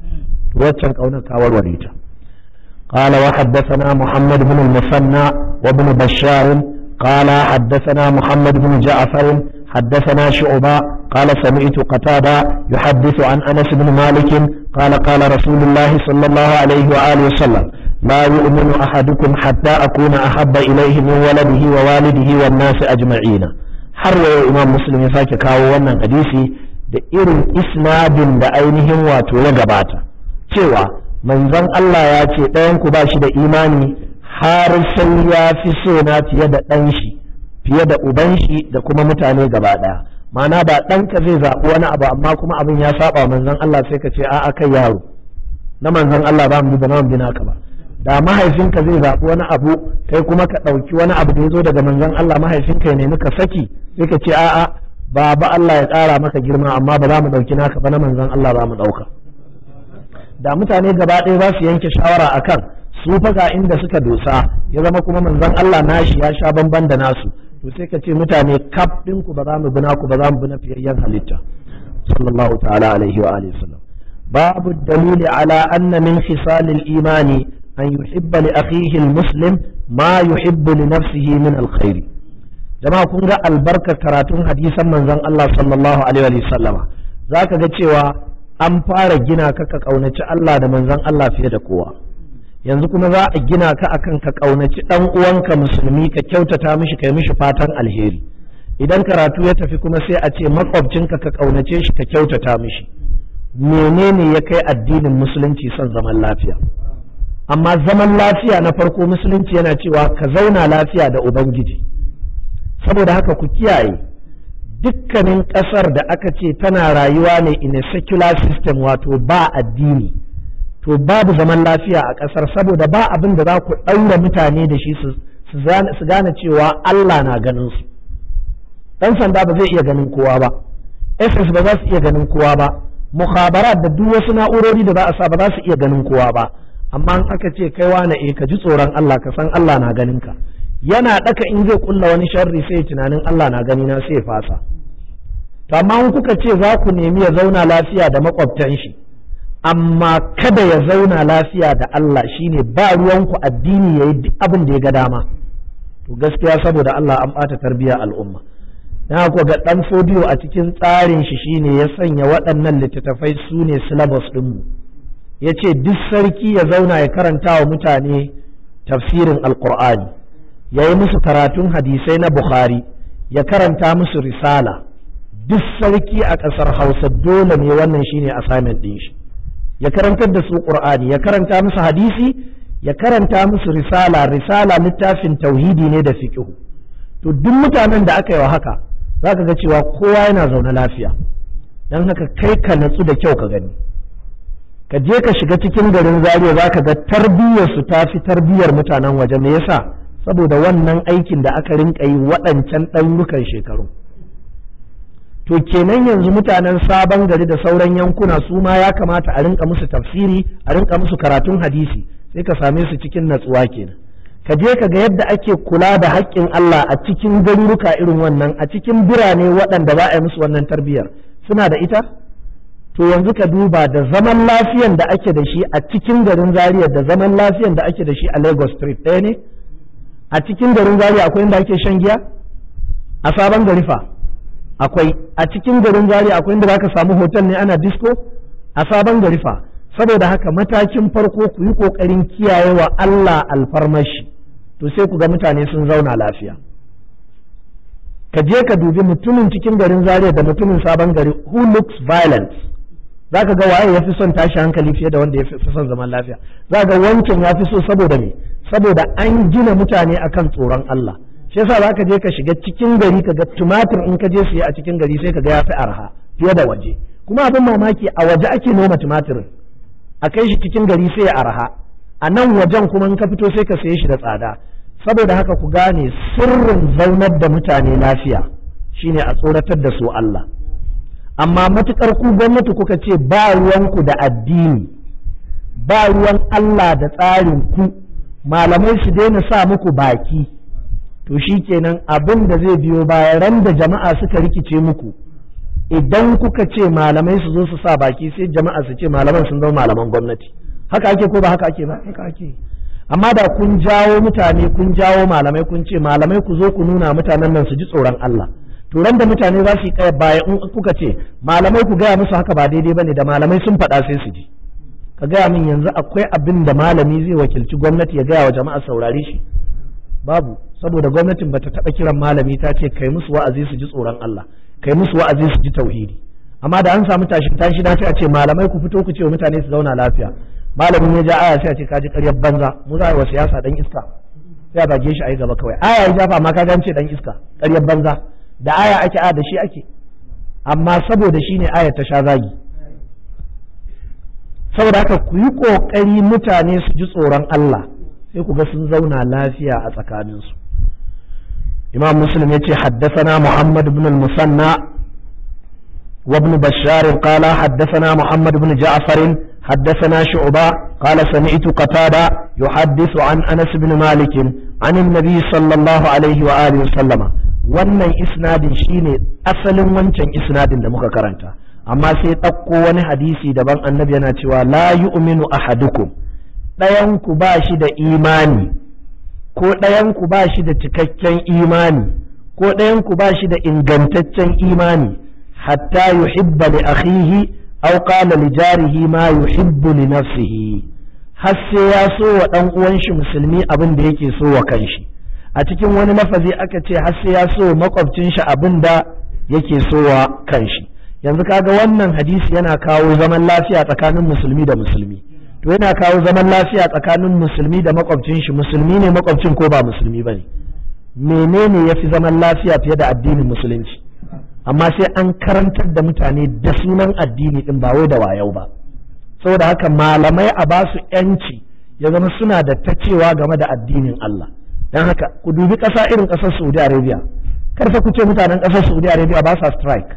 [SPEAKER 2] to waccan kaunar ka warware ta قال وحدثنا محمد musanna المثنى وابن بشار قال حدثنا محمد بن جعفر حدثنا شعبة قال سمعت قتادة يحدث عن أنس بن مالك قال قال رسول الله صلى الله عليه وآله وسلم لا يؤمن أحدكم حتى أكون أحب إليه من ولده ووالده والناس أجمعين har yau imam muslim ya sake kawo wannan hadisi da irin isnadin da ainihin wato ya gabata cewa manzon Allah ya ce ɗayanku ba shi da imani har sai ya fi so na fiye da ɗan shi fiye da uban shi da kuma mutane gaba ɗaya ma'ana ba ɗanka zai zaɓi wani abu amma kuma abin ya saba manzon Allah sai ka ce a'a kai yaro na manzon Allah ba mu bi ba mu ka ba da mahaifinka zai zaɓi wani abu kai kuma ka ɗauki wani abu da ya zo daga manzon Allah mahaifinka ya nemi ka saki sai ka ce a'a baba Allah ya ƙara maka girma amma ba za mu ɗauki naka ba na manzon Allah ba mu ɗauka da mutane gaba ɗaya za su yanke shawara akan su faga inda suka dosa ya zama kuma manzon Allah nashi ya sha bamban da nasu to sai ka ce mutane kaf ɗinku ba za mu bina ba za mu bina fiyayyen halitta sallallahu ta'ala alaihi wa alihi babu dalili ala anna min khisalil imani an yuhibba li akhihi muslim ma yuhibbu li nafsihi min alkhairi jama'a kun ga albarka karatun hadisan manzon Allah sallallahu alaihi wa sallama zaka ga cewa an fara gina ka ka kaunaci Allah da manzon Allah fiye da kowa yanzu kuma za a gina ka akan ka ƙaunaci ɗan uwanka musulmi ka kyautata mishi kai mishi fatan alheri idan karatu ya tafi kuma sai a ce makwabcinka ka ƙaunace shi ka kyautata mishi menene ya kai addinin musulunci son zaman lafiya amma zaman lafiya na farko musulunci yana cewa ka zauna lafiya da ubangiji saboda haka ku kiyaye dukkanin ƙasar da aka ce tana rayuwa ne in a secular system wato ba addini to babu zaman lafiya a ƙasar saboda ba abin da za ku ɗaura mutane da shi su gane cewa Allah na ganin su ɗan sanda ba zai iya ganin kowa ba ss ba za su iya ganin kowa ba muhabara da duk wasu na'urori da za a sa ba za su iya ganin kowa ba amma in aka ce kai wane eh ka ji tsoron Allah ka san Allah na ganin ka yana ɗaka in zai kulla wani sharri sai tunanin Allah na gani na sai fasa to amma kuka ce za ku nemi ya zauna lafiya da makwabtan shi amma kada ya zauna lafiya da Allah shine ba ruwanku addini ya yi abin da ya ga dama to gaskiya saboda Allah an ɓata tarbiyya al'umma na ko ga ɗan fodiyo a cikin tsarin shi shine ya sanya waɗannan littattafai su ne syllabus ɗinmu ya ce duk sarki ya zauna ya karanta wa mutane tafsirin alkur'ani ya yi musu karatun hadisai na bukhari ya karanta musu risala duk sarki a ƙasar hausa dole ne wannan shine assignment ɗin shi ya karantar da su qur'ani ya karanta musu hadisi ya karanta musu risala risala littafin tauhidi ne da fiqh to duk mutanen da aka yi wa haka zaka ga cewa kowa yana zaune lafiya dan haka kai ka natsu da kyau ka gani ka je ka shiga cikin garin zariya zaka ga tarbiyyar su ta fi tarbiyyar mutanen waje me yasa saboda wannan aikin da aka rinka yi waɗancan ɗanyukan shekaru to kenan yanzu mutanen sabon gari da sauran yankuna su ma ya kamata a rinka musu tafsiri a rinka musu karatun hadisi sai ka same su cikin natsuwa kenan ka je ka ga yadda ake kula da haƙƙin Allah a cikin garuruka irin wannan a cikin birane waɗanda ba a yi musu wannan tarbiyyar suna da ita to yanzu ka duba da zaman lafiyan da ake da shi a cikin garin Zaria da zaman lafiyan da ake da shi a Lagos Street ɗaya ne a cikin garin Zaria akwai inda ake shan giya a sabon gari fa akwai a cikin garin Zaria akwai inda za ka samu hotel ne ana disco a sabon gari fa saboda haka matakin farko ku yi kokarin kiyaye wa Allah alfarmashi to sai ku ga mutane sun zauna lafiya ka je ka dubi mutumin cikin garin Zaria da mutumin sabon gari who looks violent za ka ga waye yafi son tashi hankali fiye da wanda ya fi son zaman lafiya za ga wancan yafi so saboda me saboda an gina mutane akan tsoron Allah shi yasa za ka je ka shiga cikin gari ka ga tumatir in ka je siya a cikin gari sai ka ga ya fi arha fiye da waje kuma abin mamaki a waje ake noma tumatir a kai shi cikin gari sai ya arha a nan wajen kuma in ka fito sai ka saye shi da tsada saboda haka ku gane sirrin zaunar da mutane lafiya shine a tsoratar da su Allah amma matukar ku gwamnati kuka ce ba ruwanku da addini ba ruwan Allah da tsarin ku malamai su daina sa muku baki to shi kenan abin da zai biyo baya da jama'a suka rikice muku idan kuka ce malamai su zo su sa baki sai jama'a su ce malaman sun zama malaman gwamnati haka ake ko ba haka ake ba haka ake amma da kun jawo mutane kun jawo malamai kun ce malamai ku zo ku nuna mutanen nan su ji tsoron Allah to ran da mutane za su yi kaya baya in kuka ce malamai ku gaya musu haka ba daidai bane da malamai sun faɗa sai su ji ka gaya min yanzu akwai abin da malami zai wakilci gwamnati ya gaya wa jama'a saurare shi babu saboda gwamnatin bata taɓa kiran malami ta ce kai musu wa'azi su ji tsoron Allah kai musu wa'azi su ji tauhidi amma da an samu tashin tashi na a ce malamai ku fito ku ce mutane su zauna lafiya malamin ya ja aya sai a ce kaji karyar ƙaryar banza mu za a yi wa siyasa dan iska sai a bage shi a yi gaba kawai aya ya jafa ma ka ce dan iska ƙaryar banza da aya ake a da shi ake amma saboda shi ne aya ta sha zagi saboda haka ku yi ƙoƙari mutane su ji tsoron Allah sai ku ga sun zauna lafiya a tsakaninsu imam muslim ya ce haddasana muhammad ibn al-musanna wa ibn bashar qala haddasana muhammad ibn ja'far حدثنا شعبة قال سمعت قتادة يحدث عن أنس بن مالك عن النبي صلى الله عليه وآله وسلم wannan isnadin shine asalin wancan isnadin da muka karanta amma sai ɗauko wani hadisi daban annabi yana cewa la yu'minu ahadukum ɗayan ku ba shi da imani ko ɗayanku ba shi da cikakken imani ko ɗayanku ba shi da ingantaccen imani hatta yuhibba li akhihi aw qala li jarihi ma yuhibbu li nafsihi har sai ya so wa ɗan uwan shi musulmi abin da yake so wa kanshi a cikin wani lafazi aka ce har sai ya so makwabcin shi abin da yake so wa kanshi yanzu kaga wannan hadisi yana kawo zaman lafiya tsakanin musulmi da musulmi to yana kawo zaman lafiya tsakanin musulmi da makwabcin shi musulmi ne makwabcin ko ba musulmi bane menene yafi zaman lafiya fiye da addinin musulunci amma sai an karantar da mutane da sunan addini din ba wai da wayau ba saboda haka malamai a ba su yanci ya zama suna da ta cewa game da addinin Allah don haka ku dubi ƙasa irin ƙasar Saudi Arabia karfa ku ce mutanen ƙasar Saudi Arabia ba sa strike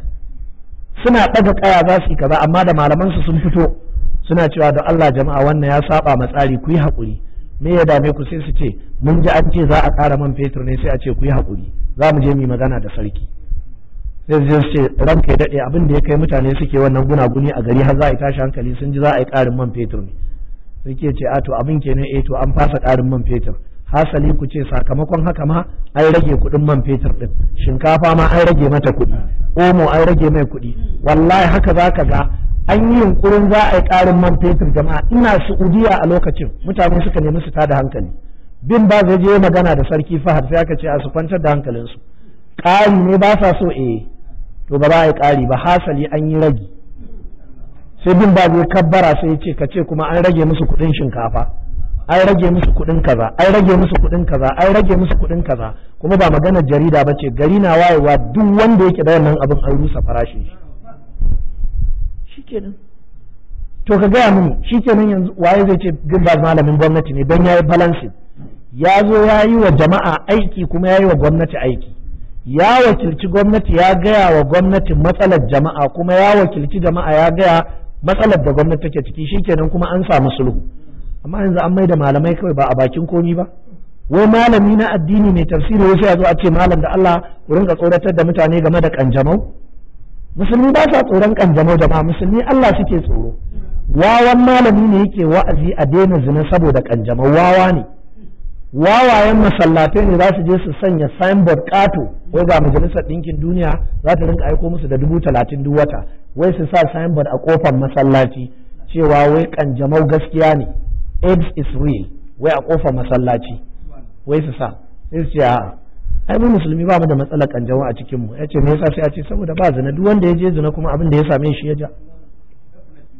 [SPEAKER 2] suna ɗaga ƙaya za su yi kaza amma da malaman su sun fito suna cewa da Allah jama'a wannan ya saba ma tsari ku yi haƙuri me ya dame ku sai su ce mun ji an ce za a ƙara man fetur ne sai a ce ku yi haƙuri za mu je mu magana da sarki sai su ce ran ya daɗe abin da ya kai mutane suke wannan gunaguni a gari har za a yi tashi hankali sun ji za a yi ƙarin man fetur ne sai ke ce a to abin kenan eh to an fasa ƙarin man fetur hasali ku ce sakamakon haka ma an rage kuɗin man fetur ɗin shinkafa ma an rage mata kuɗi omo an rage mai kuɗi wallahi haka za ka ga an yi yunkurin za a yi ƙarin man fetur jama'a ina su'udiya a lokacin mutane suka nemi su tada hankali bin ba zai je magana da sarki fahad sai aka ce a su kwantar da hankalinsu ƙari ne ba sa so eh to ba a yi ƙari ba hasali an yi ragi sai bin ba zai kabbara sai ce ka ce kuma an rage musu kuɗin shinkafa an rage musu kuɗin kaza an rage musu kuɗin kaza an rage musu kuɗin kaza kuma ba magana jarida ba ce gari na wayewa duk wanda yake da wannan abin an rusa farashin shi shikenan to ka gaya mini shikenan yanzu waye zai ce Gimbaz malamin gwamnati ne don yayi balancing ya zo ya yi wa jama'a aiki kuma ya yi wa gwamnati aiki ya wakilci gwamnati ya gaya wa gwamnati matsalar jama'a kuma ya wakilci jama'a ya gaya matsalar da gwamnati take ciki shikenan kuma an samu sulhu amma yanzu an maida malamai kawai ba a bakin komi ba wai malami na addini mai tafsiri wasu ya zo a ce malam da Allah ku rinka tsoratar da mutane game da kanjamau musulmi ba sa tsoron kanjamau jama'a musulmi Allah suke tsoro wawan malami ne yake wa'azi a daina zina saboda kanjamau wawa ne wawayen masallatai ne za su je su sanya signboard kato wai ga majalisar ɗinkin duniya za ta rinka aiko musu da dubu talatin duk wata wai su sa signboard a kofar masallaci cewa wai kanjamau gaskiya ne aids is real wai a kofar masallaci wai su sa sai ce ai mu musulmi ba mu da matsala kanjawa a cikin mu yace me yasa sai a ce saboda ba zina duk wanda ya je zina kuma abin da ya same shi ya ja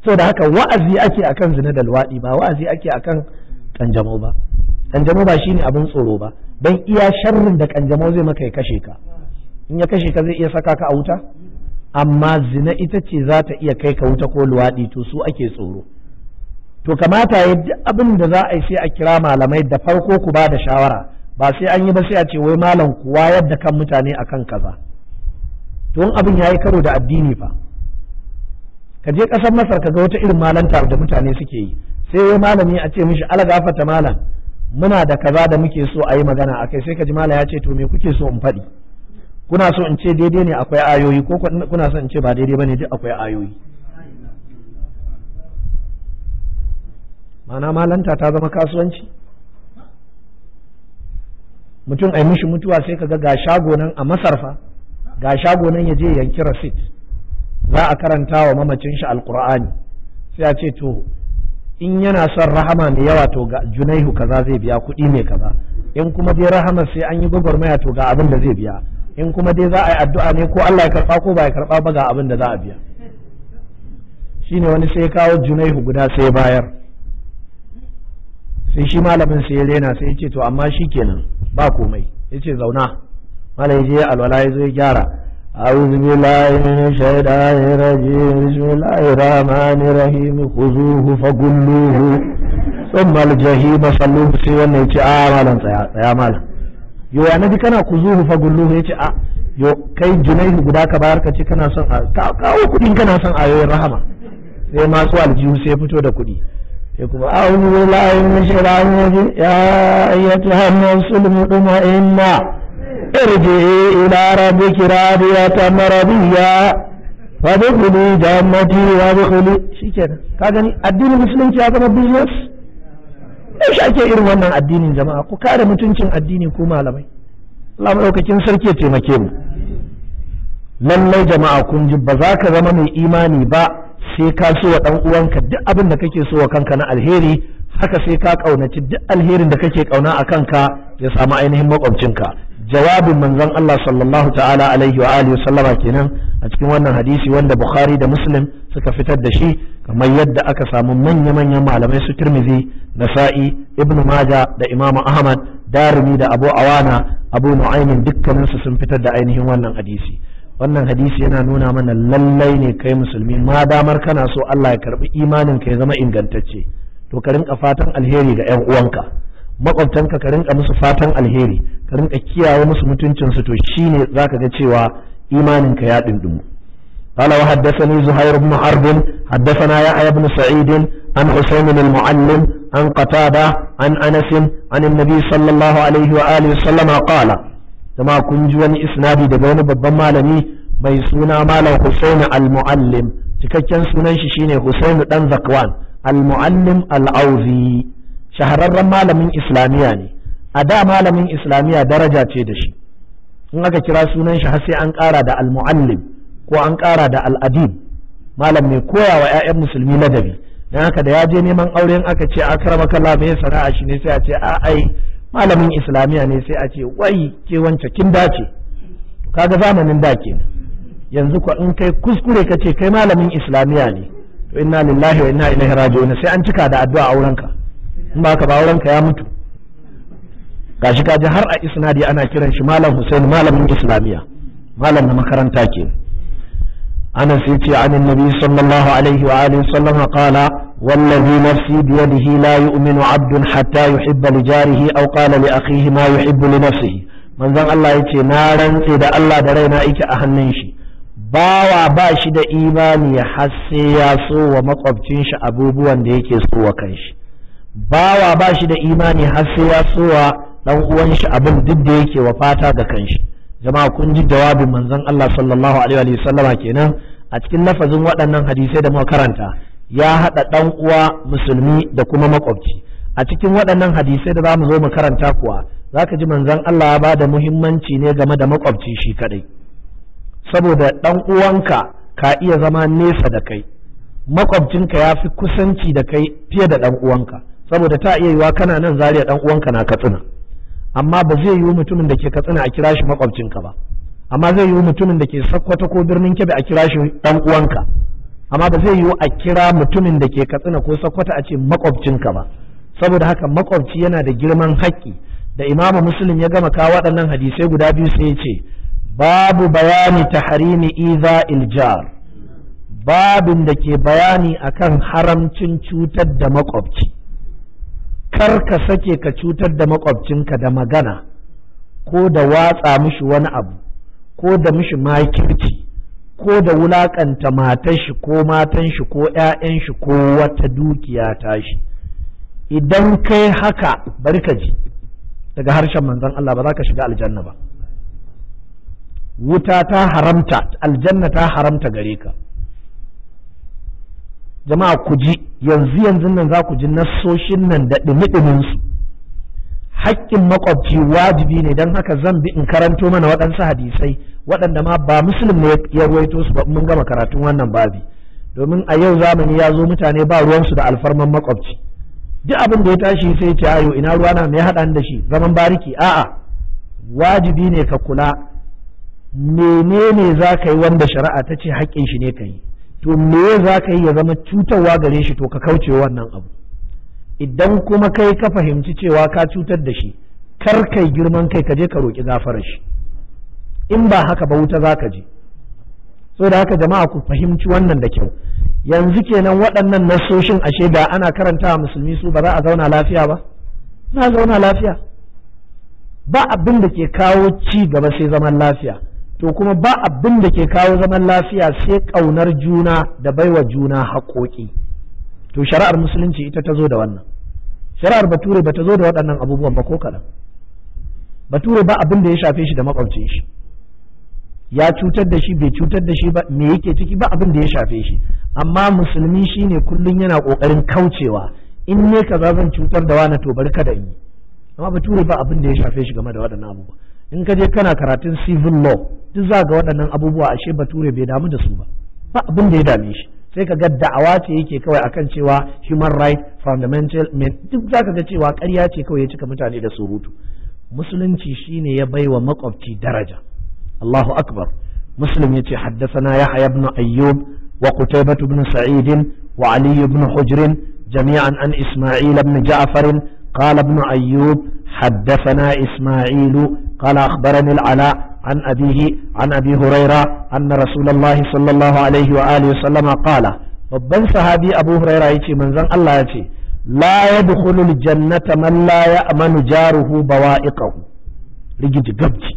[SPEAKER 2] saboda haka wa'azi ake akan zina da luwaɗi ba wa'azi ake akan kanjamau ba kanjamau ba shine abin tsoro ba dan iya sharrin da kanjamau zai maka ya kashe ka in ya kashe ka zai iya saka ka a wuta amma zina ita ce za ta iya kai ka wuta ko luwaɗi to su ake tsoro to kamata ya abin da za a yi sai a kira malamai da farko ku ba da shawara ba sai an yi ba sai a ce wai malam kuwa yadda kan mutane akan kaza to in abin ya yi karo da addini fa ka je kasar masar ka ga wata irin malanta da mutane suke yi sai wai malami a ce mishi gafata malam muna da kaza da muke so a yi magana a kai sai ka ji malam ya ce to me kuke so in faɗi kuna so in ce daidai ne akwai ayoyi ko kuna so in ce ba daidai bane duk akwai ayoyi ma'ana malanta ta zama kasuwanci mutum ai mishi mutuwa sai kaga ga shago nan a masarfa ga shago nan ya je yanki receipt za a karanta wa mamacin shi alqur'ani sai a ce to in yana son rahama mai yawa to ga junaihu kaza zai biya kuɗi mai kaza in kuma dai rahama sai an yi gwagwarmaya to ga abin da zai biya in kuma dai za a yi addu'a ne ko Allah ya karba ko ba ya karba ba ga abin da za a biya shine wani sai kawo junaihu guda sai bayar sai shi malamin sai ya rena sai ya ce to amma shi kenan ba komai yace zauna yaje je alwala ya zo ya gyara أعوذ بالله من الشيطان الرجيم بسم الله الرحمن الرحيم خذوه فقلوه ثم الجحيم صلوه wannan yace a ah, tsaya yo ya nabi kana kuzuhu fa yace a ah, yo kai junaihu guda ka bayar ka ce kana son kawo kudin kana son ayoyin rahama sai masu aljihu sai fito da kudi يقول أعوذ بالله من الشيطان الرجيم يا أيتها النفس المطمئنة ارجعي إلى ربك ake irin wannan addinin jama'a ku kare mutuncin addini ko malamai Allah madaukakin sarki ya taimake mu lallai jama'a kun ji ba za ka zama mai imani ba sai ka so wa ɗan uwanka duk abin da kake so wa kanka na alheri haka sai ka ƙaunaci duk alherin da kake kauna a kanka ya samu ainihin makwabcinka jawabin manzon Allah sallallahu ta'ala alaihi wa alihi sallama kenan a cikin wannan hadisi wanda Bukhari da Muslim suka fitar da shi kamar yadda aka samu manya-manyan malamai su Tirmidhi Nasa'i Ibn Maja da Imam Ahmad Darimi da Abu Awana Abu Nu'aymin dukkaninsu sun fitar da ainihin wannan hadisi wannan hadisi yana nuna mana lallai ne kai musulmi ma damar kana so Allah ya karbi imanin ka ya zama ingantacce to ka rinka fatan alheri ga 'yan uwanka makwabtanka ka rinka musu fatan alheri ka rinka kiyaye musu mutuncinsu to shine zaka ga cewa imanin ka ya dindimu قال وحدثني زهير بن حرب حدثنا يحيى بن سعيد عن حسين المعلم عن قتادة عن أنس عن النبي صلى الله عليه وآله وسلم قال jama'a kun ji wani isnadi daga wani babban malami mai suna malam Husainu al-Muallim cikakken sunan shi shine Husainu dan Zakwan al-Muallim al-Auzi shahararren malamin islamiya ne a da malamin islamiya daraja ce da shi in aka kira sunan shi har sai an ƙara da al-Muallim ko an ƙara da al-Adib malam mai koya wa 'ya'yan musulmi ladabi dan haka da ya je neman auren aka ce akramaka Allah me sana'a shi ne sai a ce a ai malamin islamiyya ne sai a ce wai ke wance kin dace kaga zamanin da ke yanzu ko in kai kuskure ka ce kai malamin islamiyya ne to inna lillahi wa inna ilaihi raji'un sai an cika da addu'a aurenka in ba ka ba aurenka ya mutu gashi kaji har a isnadi ana kiran shi malam husain malamin islamiyya malam na makaranta ke أنا سيتي عن النبي صلى الله عليه وآله وسلم قال والذي نفسي بيده لا يؤمن عبد حتى يحب لجاره أو قال لأخيه ما يحب لنفسه من ذن الله يتي نارا سيد الله درينا إيك أهننشي باوا باشي دا إيمان يحسي ياسو ومقبتنش أبوبوا ديكي سوى كنش باوا باشي دا إيمان يحسي ياسو ومقبتنش أبوبوا ديكي وفاتا دا كنش jama'a kun ji jawabin manzon Allah sallallahu alaihi wa kenan a cikin lafazin waɗannan hadisai da muka karanta ya haɗa ɗan uwa musulmi da kuma makwabci a cikin waɗannan hadisai da za mu zo mu karanta kuwa zaka ji manzon Allah ya bada muhimmanci ne game da makwabci shi kaɗai saboda ɗan uwanka ka iya zama nesa da kai makwabcinka ya fi kusanci da kai fiye da ɗan uwanka saboda ta iya yiwa kana nan zariya ɗan uwanka na katsina amma ba zai yiwu mutumin da ke katsina a kira shi makwabcinka ba amma zai yiwu mutumin da ke sakkwata ko birnin kebe a kira shi dan uwanka amma ba zai yiwu a kira mutumin da ke katsina ko sakkwata a ce makwabcinka ba saboda haka makwabci yana da girman haƙƙi da imamu muslim ya gama kawo waɗannan hadisai guda biyu sai ya ce babu bayani tahrimi iza iljar babin da ke bayani akan haramcin cutar da makwabci kar ka sake ka cutar da makwabcinka da magana ko da watsa mishi wani abu ko da mishi makirci ko da wulakanta matar shi ko matan shi ko 'ya'yan shi ko wata dukiya shi idan kai haka bari ka ji daga harshen manzon Allah ba za ka shiga aljanna ba wuta ta haramta aljanna ta haramta gare ka jama'a ku ji yanzu yanzu nan za ku ji nassoshin nan da ɗumi su haƙƙin makwabci wajibi ne don haka zan bi in karanto mana waɗansu hadisai waɗanda ma ba musulun ne ya ruwaito su ba mun gama karatun wannan babi domin a yau zamani ya zo mutane ba ruwansu da alfarman makwabci duk abin da ya tashi sai ce ayo ina ruwa na me haɗa da shi zaman bariki a'a wajibi ne ka kula menene za ka yi wanda shari'a ta ce haƙƙin shi ne ka yi to me za ka yi ya zama cutarwa gare shi to ka kauce wannan abu idan kuma kai ka fahimci cewa ka cutar da shi kar kai girman kai ka je ka roƙi gafarar shi in ba haka ba wuta za ka je so da haka jama'a ku fahimci wannan da kyau yanzu kenan waɗannan nasoshin ashe da ana karanta musulmi su ba za a zauna lafiya ba za zauna lafiya ba abin da ke kawo ci gaba sai zaman lafiya to kuma ba abin da ke kawo zaman lafiya sai ƙaunar juna da baiwa juna haƙoƙi to shari'ar musulunci ita ta zo da wannan shari'ar bature ba ta zo da waɗannan abubuwan ba ko kaɗan bature ba abin da ya shafe shi da maƙwabcin shi ya cutar da shi bai cutar da shi ba me yake ciki ba abin da ya shafe shi amma musulmi shine kullum yana ƙoƙarin kaucewa in ne kaza zan cutar da wani to bari kada in yi amma bature ba abin da ya shafe shi game da waɗannan abubuwan. in ka je kana karatun civil law duk za ga waɗannan abubuwa ashe bature bai damu da su ba ba abin da ya dame shi sai ka ga da'awa ce yake kawai akan cewa human right fundamental duk za ka ga cewa ƙarya ce kawai ya cika mutane da surutu musulunci shine ya baiwa makwabci daraja Allahu akbar muslim yace haddathana yahya ibn ayyub wa qutaybah ibn sa'id wa ali ibn hujr jami'an an isma'il ibn ja'far qala ibn ayyub حدثنا إسماعيل قال أخبرني العلاء عن أبيه عن أبي هريرة أن رسول الله صلى الله عليه وآله وسلم قال babban sahabi abu huraira ya ce manzon Allah ya ce la ya dukhulul jannata man la ya'manu jaruhu bawa'iqahu rigiji gabji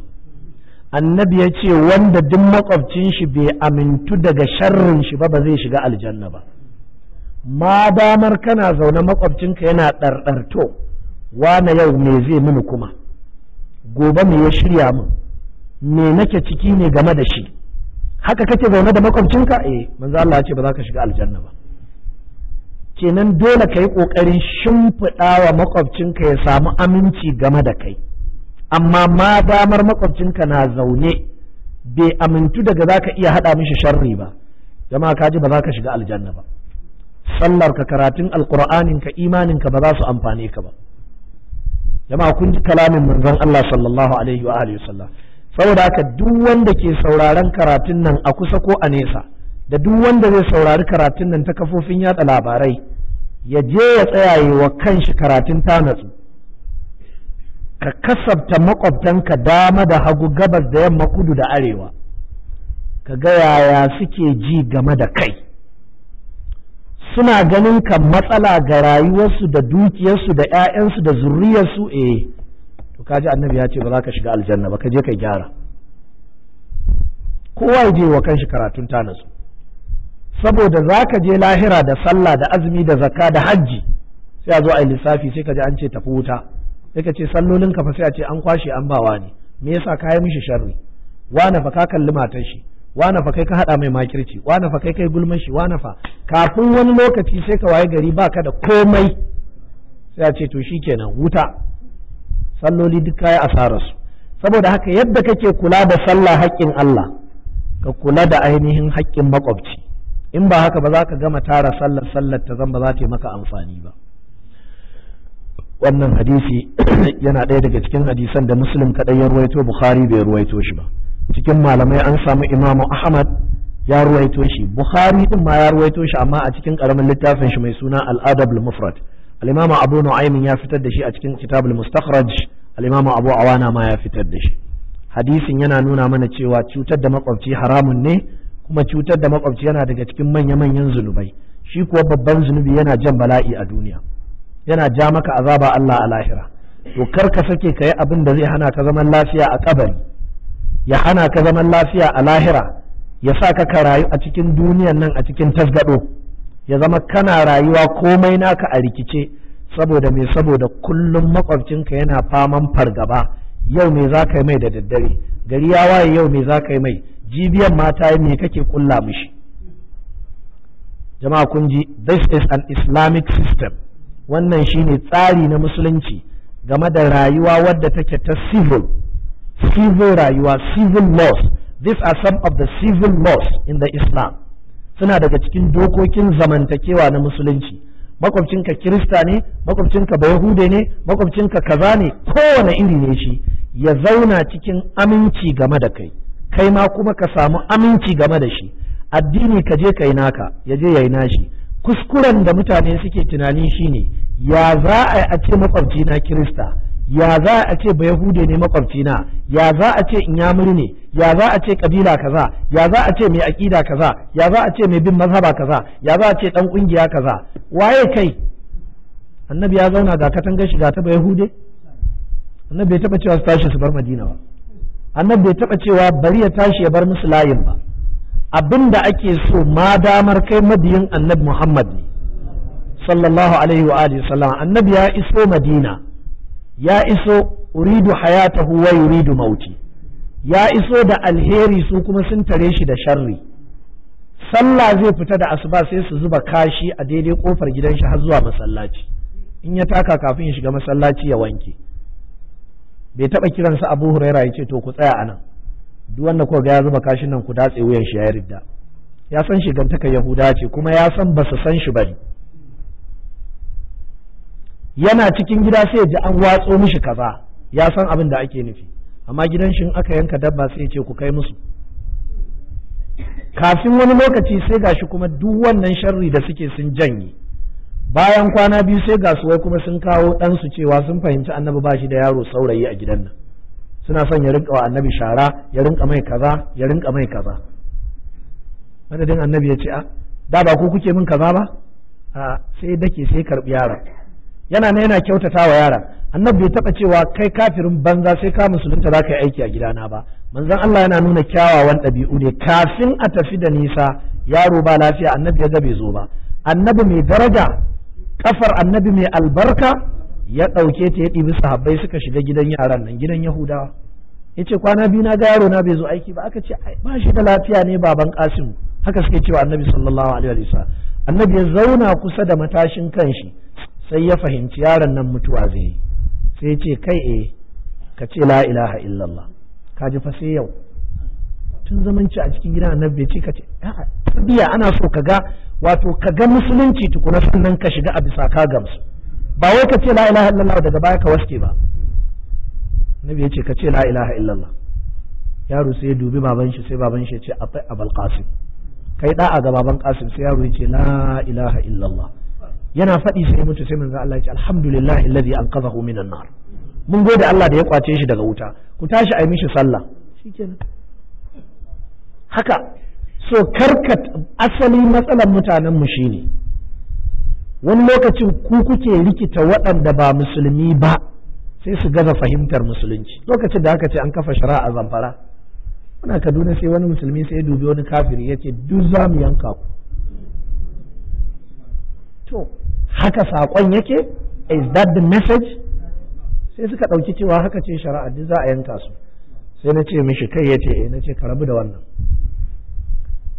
[SPEAKER 2] annabi ya ce wanda duk makwabcin shi bai amintu daga sharrin shi ba ba zai shiga aljanna ba ma damar kana zaune makwabcinka yana ɗarɗarto wane yau me zai mini kuma gobe me ya shirya min me nake ciki ne game da shi haka kake zaune da makwabcinka eh manzo Allah ya ce ba za ka shiga aljanna ba kenan dole ka yi ƙoƙarin shimfiɗa wa makwabcinka ya samu aminci game da kai amma ma damar makwabcinka na zaune bai amintu daga za ka iya haɗa mishi sharri ba jama'a ka ji ba za ka shiga aljanna ba sallar ka karatun alƙur'anin ka imanin ba za su amfane ka ba jama'a kun ji kalamin manzon Allah sallallahu alaihi wa alihi wasallam saboda haka duk wanda ke sauraron karatun nan a kusa ko a nesa da duk wanda zai saurari karatun nan ta kafofin yada labarai ya je ya tsayaye wa kanshi karatun ta natsu ka kasabta makwabtanka dama da hagu gabas da yamma kudu da arewa ka ga yaya suke ji game da kai suna ganin ka matsala ga rayuwarsu da dukiyarsu da 'ya'yansu da zuriyarsu eh to kaji annabi ya ce ba za ka shiga aljanna ba ka je ka gyara kowa ya je wa kanshi karatun tanasu saboda za ka je lahira da sallah da azumi da zakka da hajji sai a zo a yi lissafi sai ka ji an ce tafi wuta sai ka ce sallolin ka fa sai a ce an kwashe an bawa ne me yasa ka yi mishi sharri wa fa ka kalli matar shi wane fa kai ka haɗa mai makirci wane fa kai kai gulman shi wane fa kafin wani lokaci sai ka waye gari baka da komai sai a ce to shikenan wuta salloli duk kai asarar su saboda haka yadda kake kula da sallah haƙƙin Allah ka kula da ainihin haƙƙin makwabci in ba haka ba za ka gama tara sallar sallar ta zan ba za ta yi maka amfani ba wannan hadisi yana ɗaya daga cikin hadisan da muslim kaɗai ya ruwaito bukhari bai ruwaito shi ba cikin malamai an samu imamu ahmad ya ruwaito shi bukhari din ma ya ruwaito shi amma a cikin karamin littafin shi mai suna al-adab al-mufrad al-imam abu ya fitar da shi a cikin kitab al-mustakhraj al-imam abu awana ma ya fitar da shi hadisin yana nuna mana cewa cutar da makwabci haramun ne kuma cutar da makwabci yana daga cikin manya-manyan zunubai shi kuwa babban zunubi yana jan bala'i a duniya yana ja maka azaba Allah a lahira to kar ka sake ka yi abin da zai hana ka zaman lafiya a kabari ya hana ka zaman lafiya a lahira ya sa ka ka rayu a cikin duniyan nan a cikin tasgado ya zama kana rayuwa komai naka a rikice saboda me saboda kullum makwabcinka yana faman fargaba yau me za ka yi mai da daddare gari ya waye yau me za ka yi mai jibiyan mata me kake kulla mishi jama'a kun ji this is an islamic system wannan shine tsari na musulunci game da rayuwa wadda take ta civil civil rayuwa civil laws these are some of the civil laws in the islam suna daga cikin dokokin zamantakewa na musulunci makwabcinka kirista ne makwabcinka bayahude ne makwabcinka kaza ne kowane iri ne shi ya zauna cikin aminci game da kai kai ma kuma ka samu aminci game da shi addini ka je ka yi naka ya je ya yi nashi kuskuren da mutane suke tunani shine ya za a ce makwabci na kirista ya za a ce ba yahude ne makwabcina ya za a ce inyamuri ne ya za a ce kabila kaza ya za a ce mai aƙida kaza ya za a ce mai bin mazhaba kaza ya za a ce ɗan ƙungiya kaza waye kai annabi ya zauna ga katangar shiga ta ba yahude annabi bai taɓa cewa su tashi su bar madina ba annabi bai taɓa cewa bari ya tashi ya bar musu layin ba abinda ake so ma damar kai madiyin annabi muhammad ne sallallahu alaihi wa alihi annabi ya iso madina ya iso uridu hayatahu wa yuridu mauti ya iso da alheri su kuma sun tare shi da sharri sallah zai fita da asuba sai su zuba kashi a daidai kofar gidan shi har zuwa masallaci in ya taka kafin ya shiga masallaci ya wanke bai taba kiransa abu huraira ya ce to ku tsaya anan duk wanda ko ga ya zuba kashin nan ku datse wuyan shi ya ridda. ya san shigantaka yahuda ce kuma ya san ba su san shi ba bane yana cikin gida sai ya ji an watso mishi kaza ya san abin da ake nufi amma gidan shi aka yanka dabba sai ya ce ku kai musu kafin wani lokaci sai gashi kuma duk wannan sharri da suke sun janye bayan kwana biyu sai ga wai kuma sun kawo ɗansu cewa sun fahimci annabi ba shi da yaro saurayi a gidan nan suna son ya rinka wa annabi shara ya rinka mai kaza ya rinka mai kaza madadin annabi ya ce a ah, da ba ku kuke min kaza ba a ah, sai dake sai karbi yaron yana ne yana kyautata wa yara annabi bai taba cewa kai kafirin banza sai ka musulunta za ka yi aiki a gidana ba manzon Allah yana nuna kyawawan ɗabi'u ne kafin a tafi da nisa yaro ba lafiya annabi ya ga bai zo ba annabi mai daraja kafar annabi mai albarka ya ɗauke ta ya ɗibi sahabbai suka shiga gidan yaran nan gidan yahudawa ya ce kwana biyu na ga yaro na bai zo aiki ba aka ce ba shi da lafiya ne baban kasim haka suke cewa annabi sallallahu alaihi wasallam annabi ya zauna kusa da matashin kanshi sai ya fahimci yaron nan mutuwa zai yi sai ya ce kai eh ka ce la ilaha illallah ka ji fa sai yau tun zamanci a cikin gidan annabi ce ka ce tarbiya ana so ka ga wato ka ga musulunci tukuna sannan ka shiga a bisa ka gamsu ba wai ka ce la ilaha illallah daga baya ka waske ba annabi ya ce ka ce la ilaha illallah yaro sai ya dubi baban shi sai baban shi ya ce abul kasim kai da'a ga baban kasim sai yaro ya ce la ilaha illallah yana faɗi sai mutu sai manzo Allah ya ce alhamdulillah alladhi anqadhahu minan nar mun gode Allah da ya kwace shi daga wuta ku tashi ayi mishi sallah shikenan haka so karka asali matsalar mutanen mu shine wani lokacin ku kuke rikita waɗanda ba musulmi ba sai su gaza fahimtar musulunci lokacin da aka ce an kafa shari'a a zamfara muna kaduna sai wani musulmi sai ya dubi wani kafiri ya ce duk za mu yanka ku to haka saƙon yake is that the message sai suka ɗauki cewa haka ce shari'a duk za a yanka su sai na ce mishi kai ya ce eh, na ce ka rabu da wannan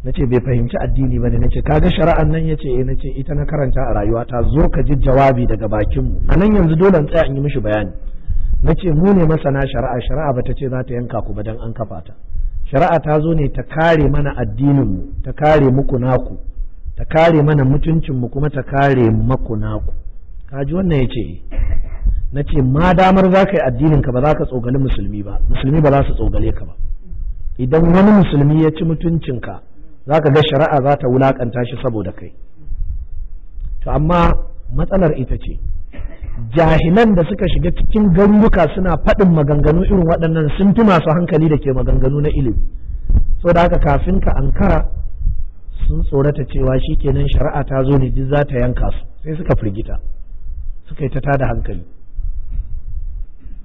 [SPEAKER 2] na ce bai fahimci addini ba ne na ce kaga shari'an nan ya ce eh, na ce ita na karanta a rayuwa ta zo ka ji jawabi daga bakinmu a nan yanzu dole in tsaya in yi mishi bayani na ce mu ne masana shari'a shari'a ba ta ce za ta yanka ku ba dan an kafa ta shari'a ta zo ne ta kare mana addinin mu ta kare muku naku ta kare mana mutuncinmu kuma ta kare maku naku kaji wannan ya ce na ce ma damar za ka yi addininka ba za ka tsogale musulmi ba musulmi ba za su tsogale ka ba idan wani musulmi ya ci mutuncinka za ka ga shari'a za ta wulakanta shi saboda kai to amma matsalar ita ce jahilan da suka shiga cikin garuruka suna faɗin maganganu irin waɗannan sun fi masu hankali da ke maganganu na ilimi so da haka kafin ka ankara sun tsorata cewa shi kenan shari'a ta zo ne duk za ta yanka su sai suka firgita suka yi ta tada hankali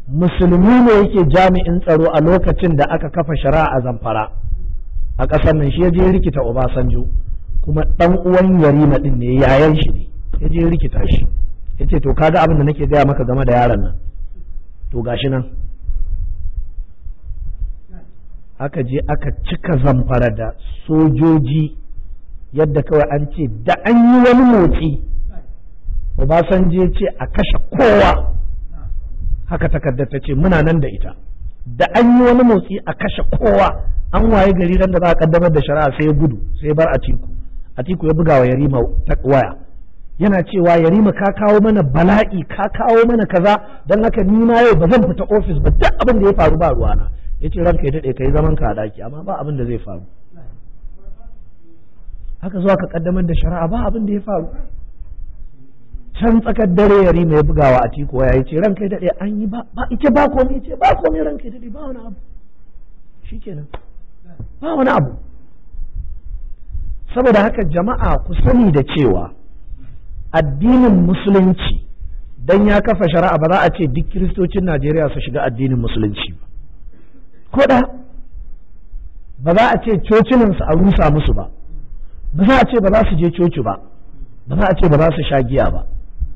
[SPEAKER 2] musulmi ne yake jami'in tsaro a lokacin da aka kafa shari'a a zamfara a ƙasar nan shi ya je rikita obasanjo kuma ɗan uwan yarima ɗin ne yayan shi ne ya je rikita shi ya ce to kaga abin da nake gaya maka game da yaron nan to gashi nan aka je aka cika zamfara da sojoji yadda kawai an ce da an yi wani motsi obasanjo ce a kashe kowa haka takardar ta ce muna nan da ita da an yi wani motsi a kashe kowa an waye gari ran da za a kaddamar da shari'a sai ya gudu sai ya bar atiku atiku ya buga wa yarima waya yana cewa yarima ka kawo mana bala'i ka kawo mana kaza don haka ni ma yau ba zan fita ofis ba duk abin da ya faru ba ruwana yace ranka ya dade kai zaman ka a daki amma ba abin da zai faru haka zuwa ka kaddamar da shari'a ba abin da ya faru can tsakar dare yari mai bugawa a tiko ya yi ce ran kai daɗe an yi ba ike ba komi ce ba komi ran kai daɗe ba wani abu shikenan ba wani abu saboda haka jama'a ku sani da cewa addinin musulunci dan ya kafa shari'a ba za a ce duk kiristocin Najeriya su shiga addinin musulunci ba ko da ba za a ce cocinansu a rusa musu ba ba za a ce ba za su je coci ba ba za a ce ba za su sha giya ba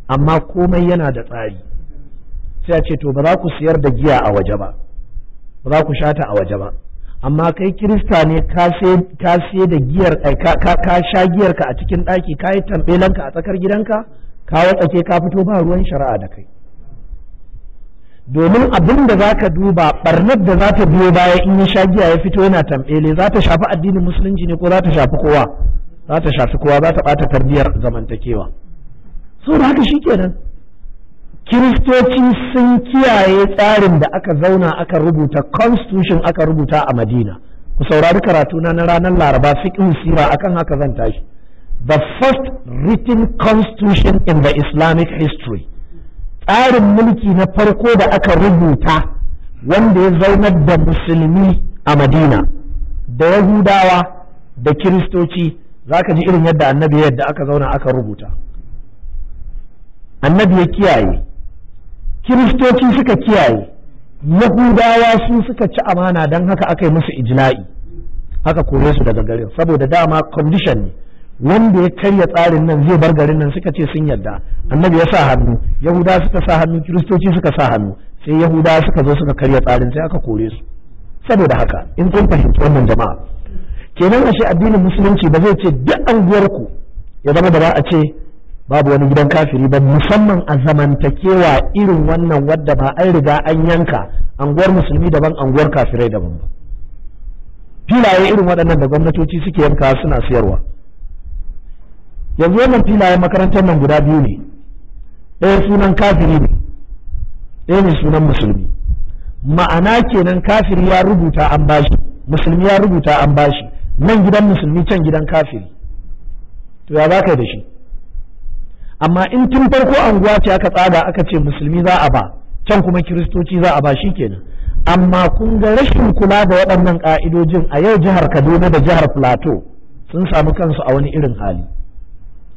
[SPEAKER 2] amma komai yana da tsari sai a ce to ba za ku siyar da giya a waje ba ba za ku sha a waje ba amma kai kirista ne ka siye da giyar ka sha giyar ka a cikin ɗaki ka yi tambelanka a tsakar gidanka ka watsake ka fito ba ruwan shari'a da kai domin abin da za ka duba barnar da za ta biyo baya in ya sha giya ya fito yana tambele za ta shafi addinin musulunci ne ko za ta shafi kowa za ta shafi kowa za ta ɓata tarbiyar zamantakewa da haka shi kenan kiristoci sun kiyaye tsarin da aka zauna aka rubuta constitution aka rubuta a madina ku saurari karatu na ranar laraba fiqh sira akan haka zan tashi the first written constitution in the islamic history tsarin mulki na farko da aka rubuta wanda ya zaunar da musulmi a madina da yahudawa da kiristoci za ka ji irin yadda annabi yadda aka zauna aka rubuta annabi ya kiyaye kiristoci suka kiyaye yahudawa su suka ci amana don haka aka yi musu ijina'i aka kore su daga garin saboda dama condition ne wanda ya karya tsarin nan zai bar garin nan suka ce sun yadda annabi ya sa hannu yahudawa suka sa hannu kiristoci suka sa hannu sai yahudawa suka zo suka karya tsarin sai aka kore su saboda haka in kun fahimci wannan jama'a kenan ashe addinin musulunci ba zai ce duk anguwar ku ya zama da ba a ce babu wani gidan kafiri ba musamman a zamantakewa irin wannan wadda ba an riga an yanka anguwar musulmi daban anguwar kafirai daban ba filaye irin waɗannan da gwamnatoci suke yanka suna siyarwa yanzu wannan filayen makarantar nan guda biyu ne ɗaya sunan kafiri ne ɗaya ne sunan musulmi ma'ana kenan kafiri ya rubuta an bashi musulmi ya rubuta an bashi nan gidan musulmi can gidan kafiri to ya baka da shi amma in tun farko anguwa ce aka tsada aka ce musulmi za a ba can kuma kiristoci za a ba shi kenan amma kun ga rashin kula da waɗannan ƙa'idojin a yau jihar kaduna da jihar plateau sun samu kansu a wani irin hali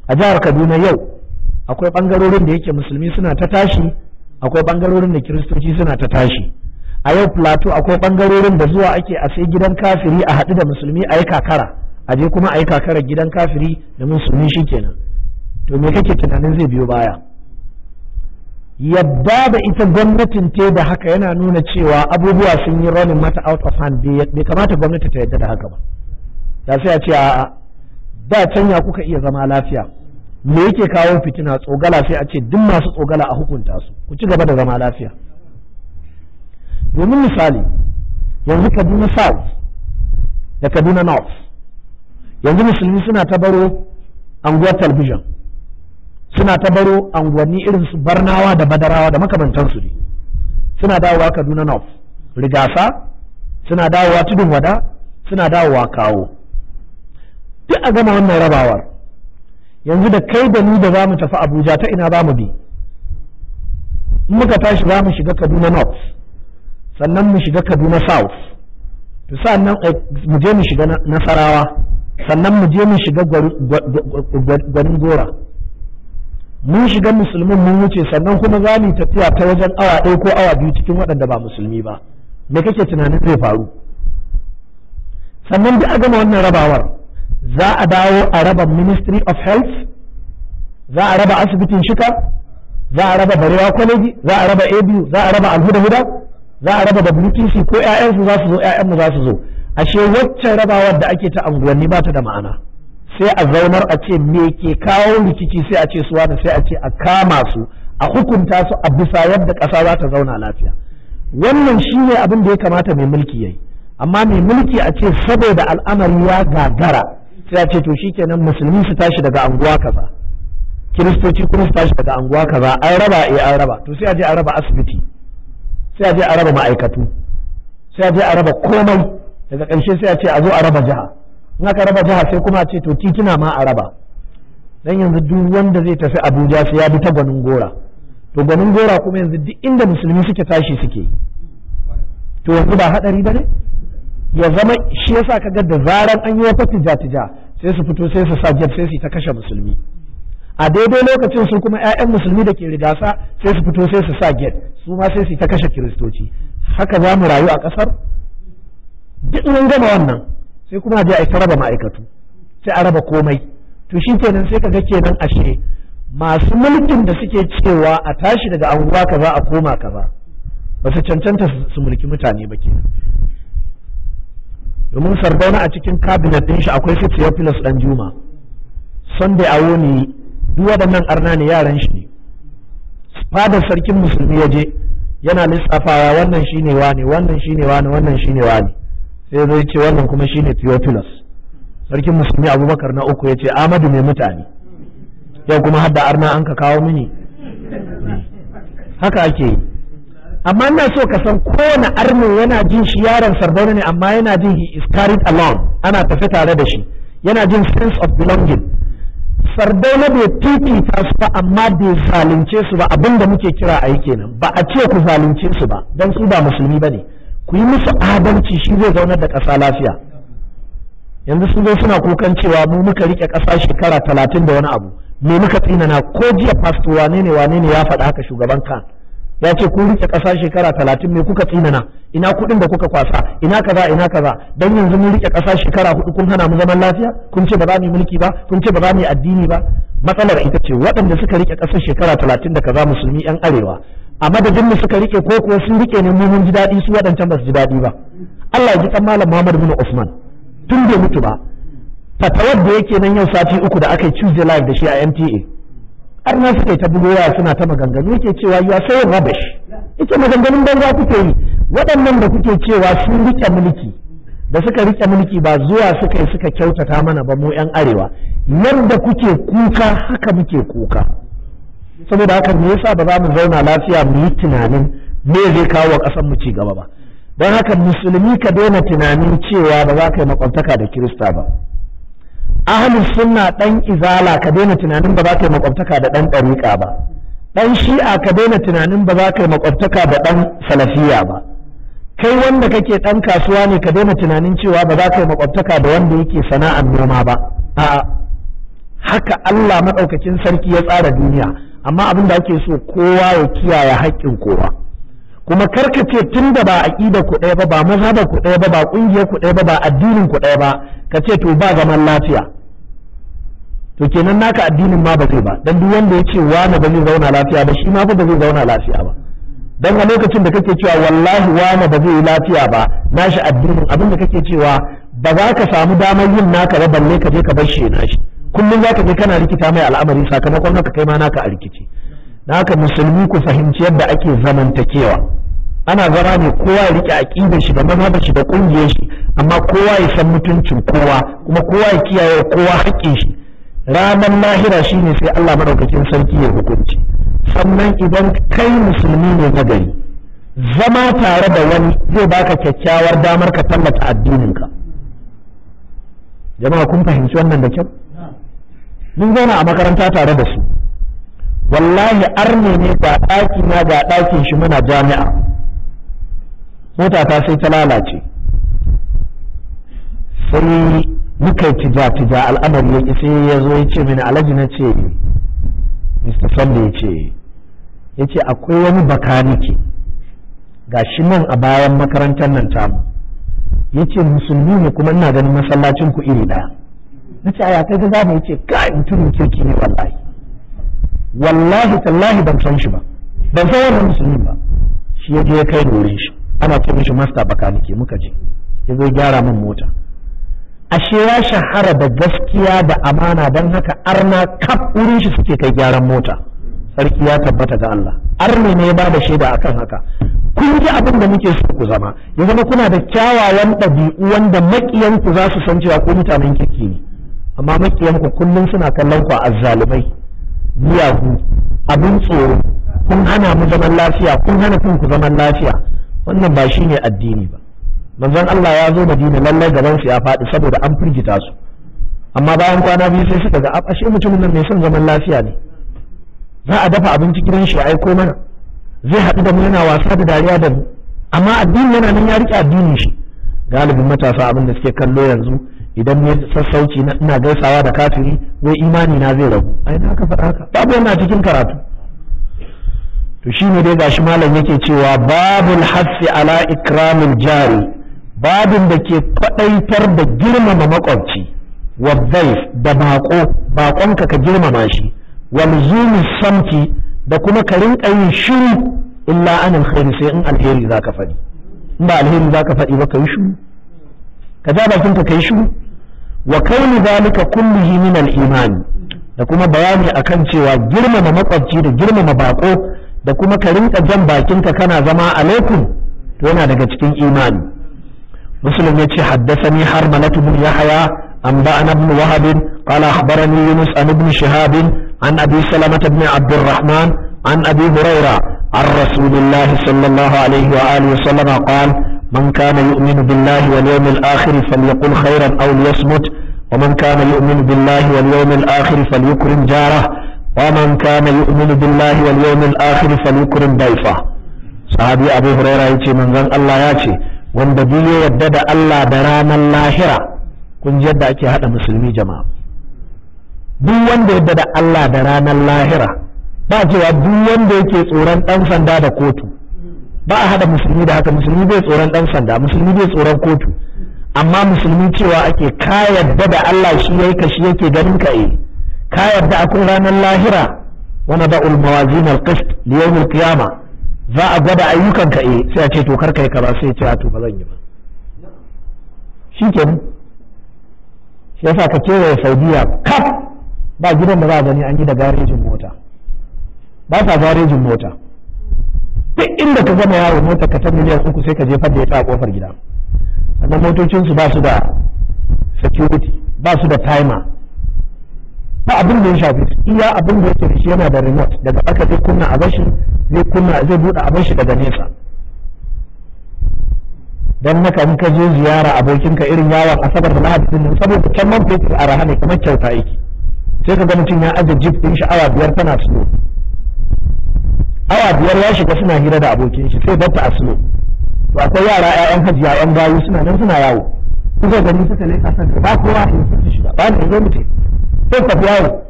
[SPEAKER 2] a jihar kaduna yau akwai ɓangarorin da yake musulmi suna ta tashi akwai ɓangarorin da kiristoci suna ta tashi a yau plateau akwai bangarorin da zuwa ake a sai gidan kafiri a haɗu da musulmi a yi kakara a je kuma a yi kakara gidan kafiri da musulmi shi kenan to me kake tunanin zai biyo baya yadda da ita gwamnatin te da haka yana nuna cewa abubuwa sun yi ranin mata out of hand bai kamata gwamnati ta yadda da haka ba ta sai a ce a'a da canya kuka iya zama lafiya me yake kawo fitina tsogala sai a ce duk masu tsogala a hukunta su ku ci gaba da zama lafiya domin misali yanzu kaduna south da kaduna north yanzu musulmi suna ta baro anguwar talbijin suna ta baro anguwanni irin su barnawa da badarawa da makamantansu ne suna dawowa kaduna north rigasa suna dawowa tudun wada suna dawowa kawo duk a gama wannan rabawar yanzu da kai da ni da za mu tafi abuja ta ina za mu bi muka tashi za mu shiga kaduna north sannan mu shiga kaduna south sannan eh, mu je mu shiga nasarawa sannan mu je mu shiga gwarin gora mun shiga musulmin mun wuce sannan kuma za mu tafiya ta wajen awa ɗaya ko awa biyu cikin waɗanda ba musulmi ba me kake tunanin zai faru sannan da a gama wannan rabawar za a dawo a raba ministry of health za a raba asibitin shika za a raba barewa kwaleji za a raba abu za a raba alhuda-huda za a raba WTC ko ƴaƴansu za su zo ƴaƴanmu za su zo ashe waccan rabawar da ake ta anguwanni ba ta da ma'ana sai a zaunar a ce me ke kawo rikici sai a ce su wani sai a ce a kama su a hukunta su a bisa yadda ƙasa za ta zauna lafiya wannan shi ne abin da ya kamata mai mulki ya amma mai mulki a ce saboda al'amari ya gagara sai a ce to shikenan musulmi su tashi daga anguwa kaza kiristoci kuma su tashi daga anguwa kaza an raba eh an raba to sai a je a raba asibiti sai a je a raba ma'aikatu sai a je a raba komai daga ƙarshe sai a ce a zo a raba jiha in aka raba jiha sai kuma a ce to tituna ma a raba dan yanzu duk wanda zai tafi Abuja sai ya bi ta gwanin gora to gwanin gora kuma yanzu duk inda musulmi suke tashi suke to yanzu ba hadari bane ya zama shi yasa kaga da zaran an yi wata tija sai su fito sai su sa jet sai su ta kashe musulmi a daidai lokacin su kuma 'ya'yan musulmi da ke rigasa sai su fito sai su sa get su ma sai su ta kashe kiristoci haka za mu rayu a kasar. duk mun gama wannan sai kuma je a ta raba ma'aikatu sai a raba komai to shi kenan sai ka ga kenan ashe masu mulkin da suke cewa a tashi daga anguwa kaza a koma kaza ba su cancanta su mulki mutane ba ke. domin sardauna a cikin kabinet ɗin shi akwai su Theophilus Danjuma Sunday Awoni duk waɗannan arna ne yaran shi ne fadar sarkin musulmi ya je yana lissafawa wannan shi ne wane wannan shi ne wane wannan shi ne wane sai zai ce wannan kuma shi ne Theophilus sarkin musulmi Abubakar na uku ya ce Ahmadu mai mutane yau kuma hadda arna an ka kawo mini haka ake yi amma ina so ka san kowane arnin yana jin shi yaron sardauna ne amma yana jin he is carried along ana tafe tare da shi yana jin sense of belonging na bai fifita su ba amma bai zalunce su ba abin da muke kira a yi kenan ba a ce ku zalunce su ba don su ba musulmi ba ne ku yi musu adalci shi zai zaunar da ƙasa lafiya yanzu sun zo suna kukan cewa mu muka rike ƙasa shekara talatin da wani abu me muka tsinana ko jiya fasto wane ne wane ne ya faɗa haka shugaban kan ya ce ku rike ƙasa shekara talatin me kuka tsinana ina kuɗin da kuka kwasa ina kaza ina kaza don yanzu mun rike ƙasa shekara hudu kun hana mu zaman lafiya kun ce ba za mu mulki ba kun ce ba za mu addini ba matsalar ita ce waɗanda suka rike ƙasar shekara talatin da kaza musulmi yan arewa a madadin mu suka rike ko kuwa sun rike ne mun ji daɗi su waɗancan ba su ji daɗi ba Allah ya ji kan malam Muhammad bin Usman tun bai mutu ba fatawar da yake nan yau sati uku da aka yi Tuesday live da shi a MTA har na suke ta bugowa suna ta maganganu yake cewa ya sai rubbish yake maganganun banza kuke yi waɗannan da kuke cewa sun rike mulki da suka rike mulki ba zuwa suka yi suka kyautata mana ba mu yan arewa yadda kuke kuka haka muke kuka saboda haka me yasa ba za mu zauna lafiya mu yi tunanin me zai kawo wa ƙasar mu ci gaba ba don haka musulmi ka daina tunanin cewa ba za ka yi makwabtaka da kirista ba ahalin suna ɗan izala ka daina tunanin ba za ka yi makwabtaka da ɗan ɗariƙa ba Ɗan shi'a ka daina tunanin ba za ka yi makwabtaka da ɗan salafiya ba kai wanda kake ɗan kasuwa ne ka daina tunanin cewa ba za ka yi makwabtaka da wanda yake sana'ar noma ba a'a haka Allah maɗaukakin sarki ya tsara duniya amma abin da ake so kowa ya kiyaye haƙƙin kowa kuma karka ce tun da ba aƙida ku ɗaya ba ba mazhabar ku ɗaya ba ba ƙungiyar ku ɗaya ba ba addinin ku ɗaya ba ka ce to ba zaman lafiya to kenan naka addinin ma ba zai ba dan duk wanda ya ce wani ba zai zauna lafiya ba shi ma ba zai zauna lafiya ba dan a lokacin da kake cewa wallahi wani ba zai yi lafiya ba nashi addinin abin da kake cewa ba za ka samu damar yin naka ba balle ka je ka bar shi nashi kullum za ka je kana rikita mai al'amari sakamakon haka kai ma naka a rikici haka musulmi ku fahimci yadda ake zamantakewa ana zama ne kowa ya rike aƙidar shi da mazhabar shi da ƙungiyar shi amma kowa ya san mutuncin kowa kuma kowa ya kiyaye kowa haƙƙin shi ranar lahira shine sai Allah madaukakin sarki ya hukunci sannan idan kai musulmi ne na gari zama tare da wani zai baka kyakkyawar damar ka tallata addinin ka. jama'a kun fahimci wannan da kyau mun zauna a makaranta tare da su wallahi arne ne ga ɗaki na ga ɗakin shi muna jami'a mota ta sai ta lalace sai muka tija tija al'amari ya sai ya zo ya ce mini alhaji na ce mr sande ya ce ya ce akwai wani bakanike ga shi nan a bayan makarantar nan tamu ya ce musulmi ne kuma ina ganin masallacin ku iri ɗaya na ce aya kai gaza ya ce ka mutumin kirki ne wallahi wallahi tallahi ban san shi ba ban san wannan musulmi ba shi ya je ya kai wurin shi ana ce mishi master bakaniki muka je ya zo gyara min mota ashe ya shahara da gaskiya da amana don haka arna kaf wurin shi suke kai gyaran mota sarki ya tabbata ga Allah arna ne ba da shaida akan haka kun ji abin da muke so ku zama ya zama kuna da kyawawan ɗabi'u wanda maƙiyan ku za su san cewa ko mutanen kirki ne amma maƙiyan ku kullum suna kallon ku a azzalumai miyagu abin tsoro kun hana mu zaman lafiya kun hana kun ku zaman lafiya wannan ba shi ne addini ba manzon Allah ya zo Madina lallai gaban su ya faɗi saboda an firgita su amma bayan kwana biyu sai suka ga a ashe mutumin nan mai son zaman lafiya ne za a dafa abinci gidan shi aiko mana zai haɗu da mu yana wasa da dariya da mu amma addini yana nan ya rike addinin shi galibin matasa abin da suke kallo yanzu idan ne sassauci na ina gaisawa da kafiri wai imani na zai ragu ai na ka faɗa haka babu yana cikin karatu to shi ne dai gashi malam yake cewa babul haffi ala ikramul jari babin da ke faɗaitar da girmama makwabci wa da baƙo baƙonka ka girmama shi walzumi samti da kuma ka rinka yin shiru illa an alkhairi sai in alheri za ka faɗi in ba alheri za ka faɗi ba ka yi shiru ka ja ka yi shiru wa kauni zalika kullihi min al imani da kuma bayani akan cewa girmama makwabci da girmama bako da kuma ka rinka jan bakinka kana zama alaikum to yana daga cikin imani muslim yace haddathani harmalatu bin yahya an ba'ana ibn wahab qala akhbarani yunus an ibn shihab an abi salamah ibn abd الرحمن عن ابي هريره عن رسول الله صلى الله عليه واله وسلم قال من كان يؤمن بالله واليوم الاخر فليقل خيرا او ليصمت ومن كان يؤمن بالله واليوم الاخر فليكرم جاره ومن كان يؤمن بالله واليوم الآخر فليكرم ضيفه صحابي أبو هريرة يتي من ذن الله ياتي wanda duk ya da Allah da ranar lahira kun ji yadda ake haɗa musulmi jama'a duk wanda yadda da Allah da ranar lahira ba cewa duk wanda yake tsoron ɗan sanda da kotu ba a musulmi da haka musulmi bai tsoron ɗan sanda musulmi bai tsoron kotu amma musulmi cewa ake ka yadda da Allah shi yayi ka shi yake ganin ka eh ka yarda akwai ranar lahira wani da ulmawazin alkist da yau kiyama za a gwada ayyukan ka eh sai a ce to kar kai ka ba sai ce a to zan yi ba shi ke shi yasa ka kewaye saudiya kaf ba gidan da za a gani an yi da garejin mota ba sa garejin mota duk inda ka gama yawo mota ka ta miliyan uku sai ka jefar da ita a kofar gida sannan motocinsu ba su da security ba su da timer ba abin da ya shafi iya abin da yake da shi yana da remote daga aka zai kunna a bashi zai kunna zai buɗe a bashi daga nesa dan naka in ka je ziyara abokinka irin yawon asabar da lahadi din saboda can man fetur a rahane kamar kyauta yake sai ka ga mutum ya aje jeep din sha'awa awa biyar tana slow awa biyar ya shiga suna hira da abokin shi sai batta a slow to akwai yara ƴaƴan hajiya ƴan bayu suna nan suna yawo kuka gani suka leka san ba kowa ya shiga ba ne zo mutum sai ka yawo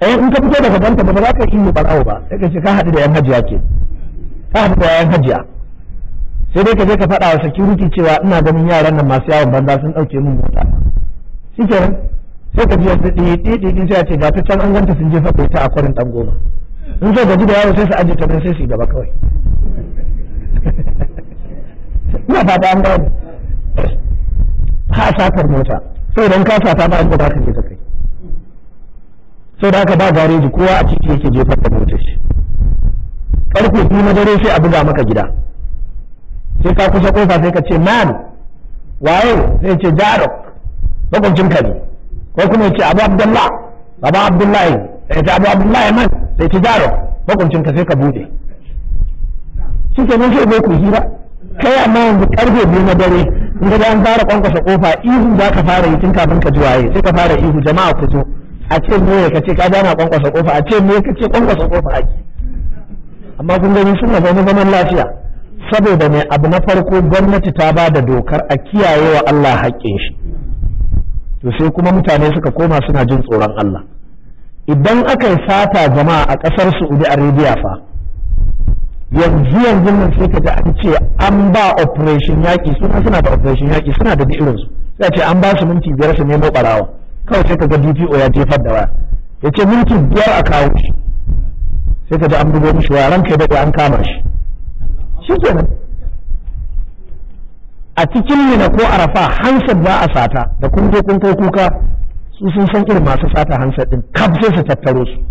[SPEAKER 2] eh in ka fito daga banta ba za ka iya barawo ba sai ka ce ka haɗu da yan hajiya ke ka haɗu da yan hajiya sai dai ka je ka faɗa wa security cewa ina ganin yaran nan masu yawon banza sun ɗauke min mota shikenan sai ka ji ɗi ɗi ɗi sai a ce ga ta can an ganta sun jefa kai ta a kwarin ɗan goma in so gaji da yawo sai su aje ta sai su yi gaba kawai ina fata an gane ha sakar mota sai da ka sata ba ba ka je ka kai sai da ka ba gareji kowa a ciki yake jefar da motar shi karfe biyu na dare sai a buga maka gida sai ka kusa kofa sai ka ce man waye sai ce jarok bakwancin kari ne ko kuma ce abu abdullah baba abdullahi sai ce abu abdullahi man sai ce jarok bakwancin ka sai ka bude shi ke nan sai ku hira kai amma yanzu karfe biyu na dare in ga an fara kwankwasa kofa ihu za ka fara yi tun kafin ka ji waye sai ka fara ihu jama'a ku zo a ce me ka ce ka dana kwankwasa kofa a ce me ka ce kwankwasa kofa ake amma kun gani suna zama zaman lafiya saboda ne abu na farko gwamnati ta ba da dokar a kiyaye wa Allah haƙƙin shi to sai kuma mutane suka koma suna jin tsoron Allah idan aka yi sata jama'a a ƙasar Saudi Arabia fa yanzu yanzu nan sai ka an ce an ba operation yaki suna suna da operation yaƙi suna da da irinsu sai ce an ba su minti biyar su nemo barawa kawai sai ka ga DPO ya jefar da waya ya ce minti biyar a kawo shi sai ka ga an bugo mishi waya ranka ya daɗe an kama shi shi kenan a cikin mina ko arafa hansar za a sata da kun je kun kai kuka su sun san irin masu sata hansar din kaf sai su tattaro su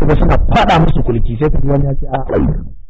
[SPEAKER 2] sai suna faɗa musu kulki sai ka ji wani ya ce a'a ah,